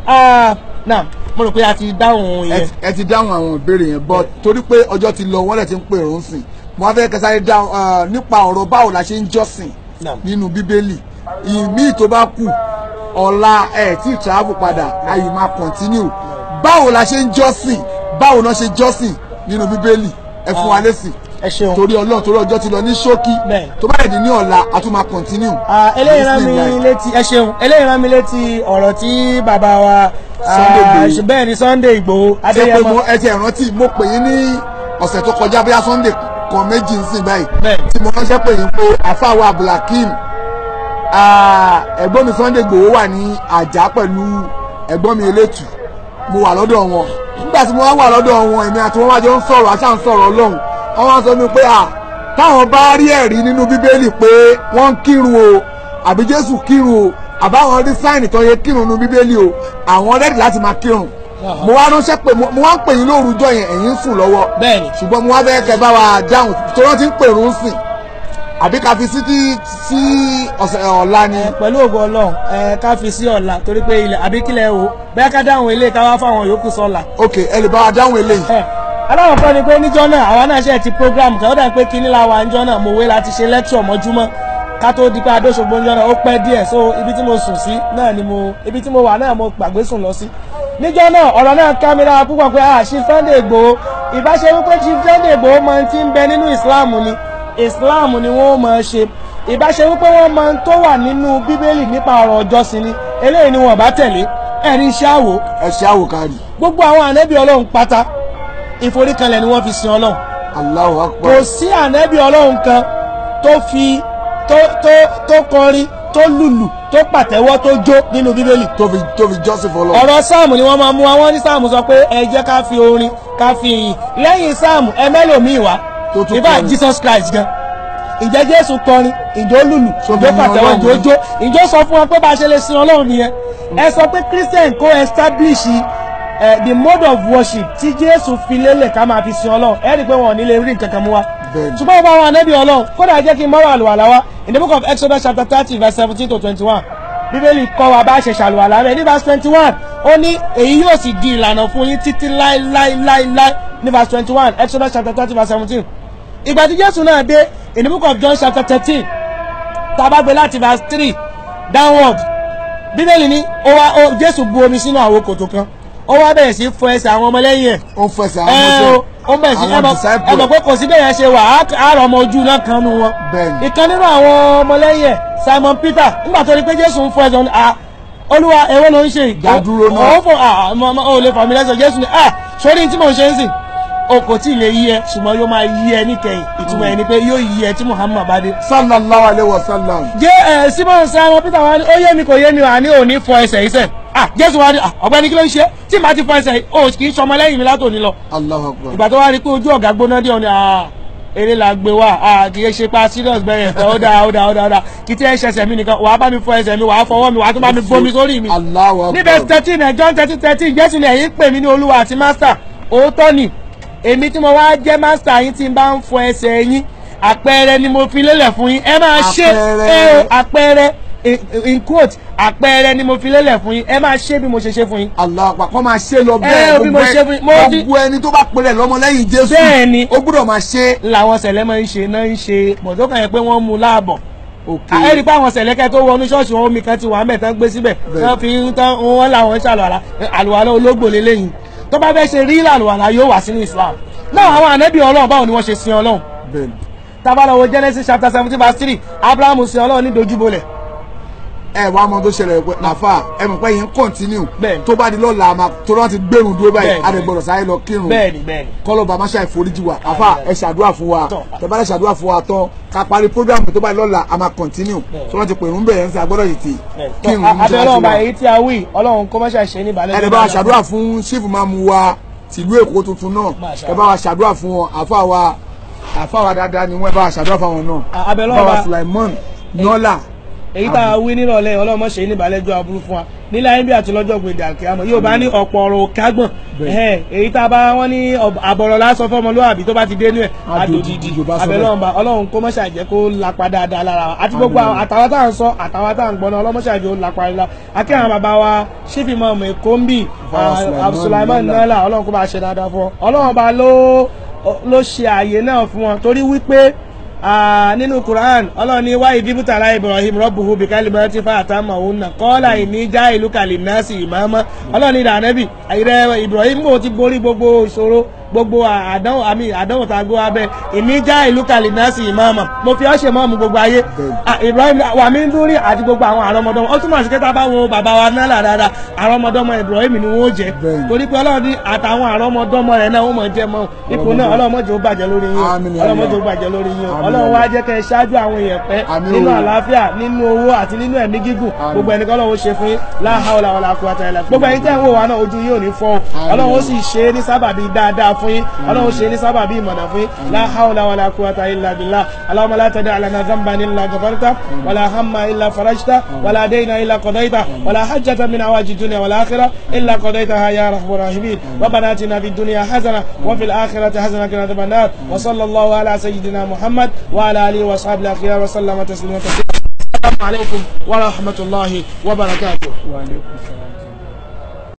Ah, now mo rò pé a ti dáhùn yẹn. ẹ ti dáhùn àwọn ìbéèrè yẹn but torí pé ọjọ́ ti lọ wọ́n lè ti ń pè ó sìn mo wá fẹ́ kẹsàrẹ́ dáhùn ah, nípa ọ̀rọ̀ báwo la ṣe ń jọ́sìn nínú bíbélì ìmí tó bá kù ọ̀la ẹ̀ tí travel padà ayò máa continue báwo la ṣe ń jọ́sìn báwo náà ṣe jọ́sìn nínú bíbélì ẹ fún wa ah, lẹ́sìn torí ọlọ́run torí ọjọ́ ti lọ ní ṣókí tó bá yẹ̀dí ní ọ̀la a tún máa continue. Ah, eléyìí rán mi létí ẹ ṣeun eléyìí rán mi létí ọ̀rọ̀ tí bàbá wa ah, bẹ́ẹ̀ ni Sunday Igboho Adéyẹmọ. ṣé pé mo ẹ ti rántí mo pè yín ní ọ̀sẹ̀ tó kọjá bóyá Sunday kan méjì ń sìn báyìí tí mo ránṣẹ́ pè yín pé àfàwọ̀ abdulhakeem ẹ̀gbọ́n mi Sunday Igboho wà ní àjà pẹ̀lú ẹ̀gbọ́n mi elétù mo wà lọ́dọ̀ wọn nígbà tí mo wá wà lọ́dọ̀ wọn èmi àti wọn wá jọ ń sọ̀rọ̀ àṣà ń sọ̀rọ̀ ọlọ́run wọn sọ mi pé à táwọn bá rí ẹ̀rí nínú bíbélì pé wọ́n ń kírun o àbí jésù kírun o àbáwọn rí sáìnì tó yẹ kírun nínú bíbélì o àwọn rẹ́dì láti máa kírun mo wá ránṣẹ́ pé mo wá ń pè yín lóòrùjọ yẹn ẹ̀yin ń sùn lọ́wọ́ ṣùgbọ́n mo wá fẹ́ kẹ́ bá wa dáhùn tó rántí ń pèrò ń sìn àbí ká fi sí sí ọ̀sẹ̀ ọ̀la ni. Eh, pẹ̀lú ògo ọlọ́run ẹ eh, ká fi sí ọ̀la torí pé ilẹ̀ àbí kílẹ̀ wò bẹ́ẹ̀ ká dáhùn eléyìí ká wá fáwọn yòókù sọ́la. ok ẹ lè bá wa dáhùn eléyìí. aláwọ̀ kan ni pé níjọ́ náà àwa náà ṣe ti program kan ó dà pé kinní la wà níjọ́ náà mo wé láti ṣe lecture mọ́júmọ́ ká tó di pé adóṣogbo níjọ́ náà ó pẹ́ díẹ̀ so ibi tí mo sùn sí náà ni mo ibi tí mo wà náà mo gbàgbé sùn lọ sí níjọ́ náà ọ̀rọ̀ náà ká mi lára púpọ̀ pé àṣì ah, Sunday Igboho ìbáṣe wípé Chief Sunday Igboho mọ ti ń bẹ nínú Islam ni islam ni wọ́n máa ṣe ìbáṣe wípé wọ́n máa tó wà nínú bíbélì nípa ọ̀rọ̀ ọjọ́sìn ni eléyìí ni wọ́n bá tẹ̀lé ẹ̀rí iṣẹ́ àwò. ẹ̀ṣẹ́ àwò kárì. gbogbo àwọn ànẹ́bí ọlọ́run pátá ìforíkanlẹ̀ ni wọ́n fi sin ọlọ́run. Allahu akbar. kò sí ànẹ́bí ọlọ́run kan tó fi tó tó tó kọrin tó lùlù tó pàtẹ́wọ́ tó jó nínú bíbélì. tó fi tó fi jọ́sìn fọlọ́. ọ̀rọ̀ sáàmù ni wọ́n máa mú wa wọ́n ní sáàmù sọ pé ẹ jẹ́ ká fi orin ká fi ìyìn lẹ́yìn sáàmù ẹ mẹ́lòmíì wá ìbá Jesus Christ gan ǹjẹ́ Jésù kọrin ǹjẹ́ ó lùlù ǹjẹ́ ó pàtẹ́wọ́ ǹjẹ́ ó jó ǹjẹ́ ó sọ fún wa pé bá a ṣe lè sin Ọlọ́run nìyẹn hmm. ẹ sọ pé Christian kò establish uh, the mode of worship tí Jésù fi lélẹ̀ ká máa fi sin Ọlọ́run ẹ rí i pé wọn ò ní lè rí nǹkan kan mú wa ṣùgbọ́n bá wọn ànábì Ọlọ́run kódà jẹ́ kí n mọ́ra àlùwàlà in the book of Exodus chapter thirty verse seventeen to twenty-one bíbélì kọ́ wa bá ṣe ṣàlùwàlà rẹ̀ ní verse twenty-one ó ní èyí yóò sì di ìlànà fún yín títí láéláéláéláé ní verse twenty-one Exodus chapter thirty verse seventeen ìgbà tí jésù náà dé in the book of john chapter thirteen tá a bá gbé láti verse three downward bíbélì ni ó wá jésù bu omi sínú àwọn kòtò kan ó wá bẹ̀rẹ̀ sí fọ ẹsẹ̀ àwọn ọmọlẹ́yìn ẹ̀ ó fọ ẹsẹ̀ àwọn ọmọlẹ́yìn ó bẹ̀rẹ̀ sí ẹ mọ̀ pé kò sí bẹ́ẹ̀ ṣe wà á rọ ọmọ ojú náà kan nu wọn ìkan nínú àwọn ọmọlẹ́yìn ẹ̀ Simon Peter nígbà tó rí pé jésù ń fọ ẹsẹ̀ ọ̀nà olúwa ewé ló ń ṣe ìgbà dúró náà ó fọ ọ lè fà mí lẹ́sẹ̀ jésù ni sórí tí mò ń ṣe ń sìn o kò tí ì yí ẹ ṣùgbọ́n yóò máa yí ẹ níkẹyìn ìtumọ̀ ẹni pé yóò yí ẹ tí Muhammad bá dé. sallallahu alayhi wa sallam. jẹ́ ẹ̀ simon sanwó peter wa ó yé mi kò yé mi wa ni ò ní fọ ẹsẹ̀ iṣẹ́ ah jésù wa ni ah, ọ̀gbẹ́ni kí ló ń ṣe tí màá ti fọ ẹsẹ̀ o kì í sọmọ lẹ́yìn mi látòní lọ. ìgbà tó wá rí pé ojú ọ̀gá gbóná dé ọ̀ni àá eré la gbé wá a ah, kì í ṣe pa serious bẹ́ẹ̀ ẹ̀fọ́ ó dáa ó dáa ó dáa kì í tẹ́ ẹ̀ṣẹ̀ṣẹ̀ mi nìkan wàá bá mi fọ ẹsẹ̀ mi wàá fọwọ́ mi wàá tún bá mi bomi sórí mi. níbẹ̀ thirteen ẹ̀ eh, John thirteen thirteen jésù ni ẹ̀yin pè mí ní olúwa àti master òótọ́ ni èmi tí mo wá jẹ́ mástà yín tí n bá ń fọ ẹsẹ̀ yín àpẹẹrẹ ni mo fi lélẹ̀ fún yín ẹ máa ṣe é àpẹẹrẹ in quote àpẹẹrẹ ni mo fi lélẹ̀ fún yín ẹ máa ṣe bí mo ṣe ṣe fún yín. aláàpá kọ́ máa ṣe lọ bẹ́ẹ̀ gbogbo ẹni tó bá pẹlẹ̀ lọ́mọ lẹ́yìn jésù bẹ́ẹ̀ni ó gbúdọ̀ máa ṣe. làwọn sẹ̀lẹ̀ máa ń ṣe náà ń ṣe mọ̀tòkàn yẹn pé wọ́n mú láàbọ̀ ẹ̀rí pé àwọn sẹ̀lẹ́kẹ́ tó wọnú ṣọ́ọ̀ṣì wọn omi kan ti wà mẹ́ta ń gbé síbẹ̀ wọ́n fi ń tán wọn làwọn ṣàlùwàlá àlùwàlá tó bá fẹ́ ṣe rí àlùwàlá yóò wá sínú Islam náà àwọn ànábì Ọlọ́run báwo ni wọ́n ṣe sin Ọlọ́run tá a Genesis chapter seventeen verse three Abraham sin Ọlọ́run ní dojúbolẹ̀ ẹ wàá mọ tó ṣẹlẹ̀ pé àfà ẹ mọ̀ pé yẹn kọ́ntínú tó bá di lọ́la àmà tó láti gbẹ̀rùn dúró báyìí àdègbọ̀dọ̀ sáyé lọ kírun kọ́lọ̀ bàmá ṣe àìforíjì wa àfà ẹ ṣàdúrà fún wa tẹ̀bá lè ṣàdúrà fún wa tán ká parí program tó bá di lọ́la àmà kọ́ntínú tó láti pè ń bẹ̀rẹ̀ ń sẹ́ agbọ́dọ̀ tètè kírun ní ṣáájú wa. àbẹ̀lọ́ ọba nọ́là èyí tá a wí nírọ̀lẹ́ ọlọ́mọ ṣe ní ìbálẹ́jọ́ aburú fún wa nílẹ̀ ayé bí àti lọ́jọ́ gbèdé àkè àmọ́ yóò bá ní ọ̀pọ̀ ọ̀rọ̀ kágbọ̀n èyí tá a bá wọ́n ní àbọ̀rọ̀ lásán fọmọlúwàbí tó bá ti dé inú ẹ̀ àdòdìdì abẹ́lọ́mọba ọlọ́run kó mọ́ṣà jẹ́ kó lapa dáadáa lára wa àti gbogbo àtàwọn tá à ń sọ àtàwọn tá à ń gbọ́n náà ọlọ́mọṣà jẹ́ nínú Quran ọlọ́run ní wáyé bíbútàlá Ibrahim rọ́bùhù bìkálíbà tí fa àtàmà òun náà kọ́lá ìníjà ìlú kàlínà sí ìmáàmá ọlọ́run ní ìdànẹ́bì àìrẹ́ Ibrahim kò ti borí gbogbo ìṣòro gbogbo àdánwò àmì àdánwò tá a gbé wa bẹ ìníjà ìlú kalinasi ìmáàmà mo fi ọ́ṣẹ̀ mọ́ọ̀mù gbogbo ayé Ibrahim wàmí lórí àti gbogbo àwọn àrọmọdọ́mọ ó túmọ̀ sí pé tá a bá wo bàbá wa náà dáadáa àrọmọdọ́mọ Ibrahim ni wọ́n jẹ́ torí pé ọlọ́run ní àtàwọn àrọmọdọ́mọ rẹ̀ náà wọ́n mọ̀ jẹ́ mọ́ ipò náà ọlọ́run mọ̀jọ́ bàjẹ́ lórí yín ọlọ́run mọ̀jọ́ bàjẹ́ lórí yín ọlọ́run wá jẹ́ kẹ́ ṣáájú àwọn èèyàn pẹ́ nínú àlàáfíà nínú owó àti nínú ẹ̀mí gígùn gbogbo ẹnikọ́ ọlọ́run ṣe fún yín láhàá ọ̀làwọ̀là àkúrà tẹ̀lé gbogbo ẹni tẹ́ ń wò wá náà ojú yín ò ní fọ́ ọlọ́run ó sì ṣe é ní sábàbí dáadáa fún yín ọlọ́run ṣe ní sábà bí ìmọ̀nà fún yín la hawla wala quwwata illa billah allahumma la tada' lana dhanban illa ghafarta wala hamma illa farajta wala dayna illa qadayta wala hajjata min hawaji dunya wal akhirah illa qadaytaha ya rahman rahimin rabbana atina fid dunya hasana wa fil akhirati hasana qina adhaban nar wa sallallahu ala sayyidina muhammad wa ala alihi wa sahbihi al-akhyar wa sallama taslima kathira السلام عليكم ورحمة الله وبركاته وعليكم السلام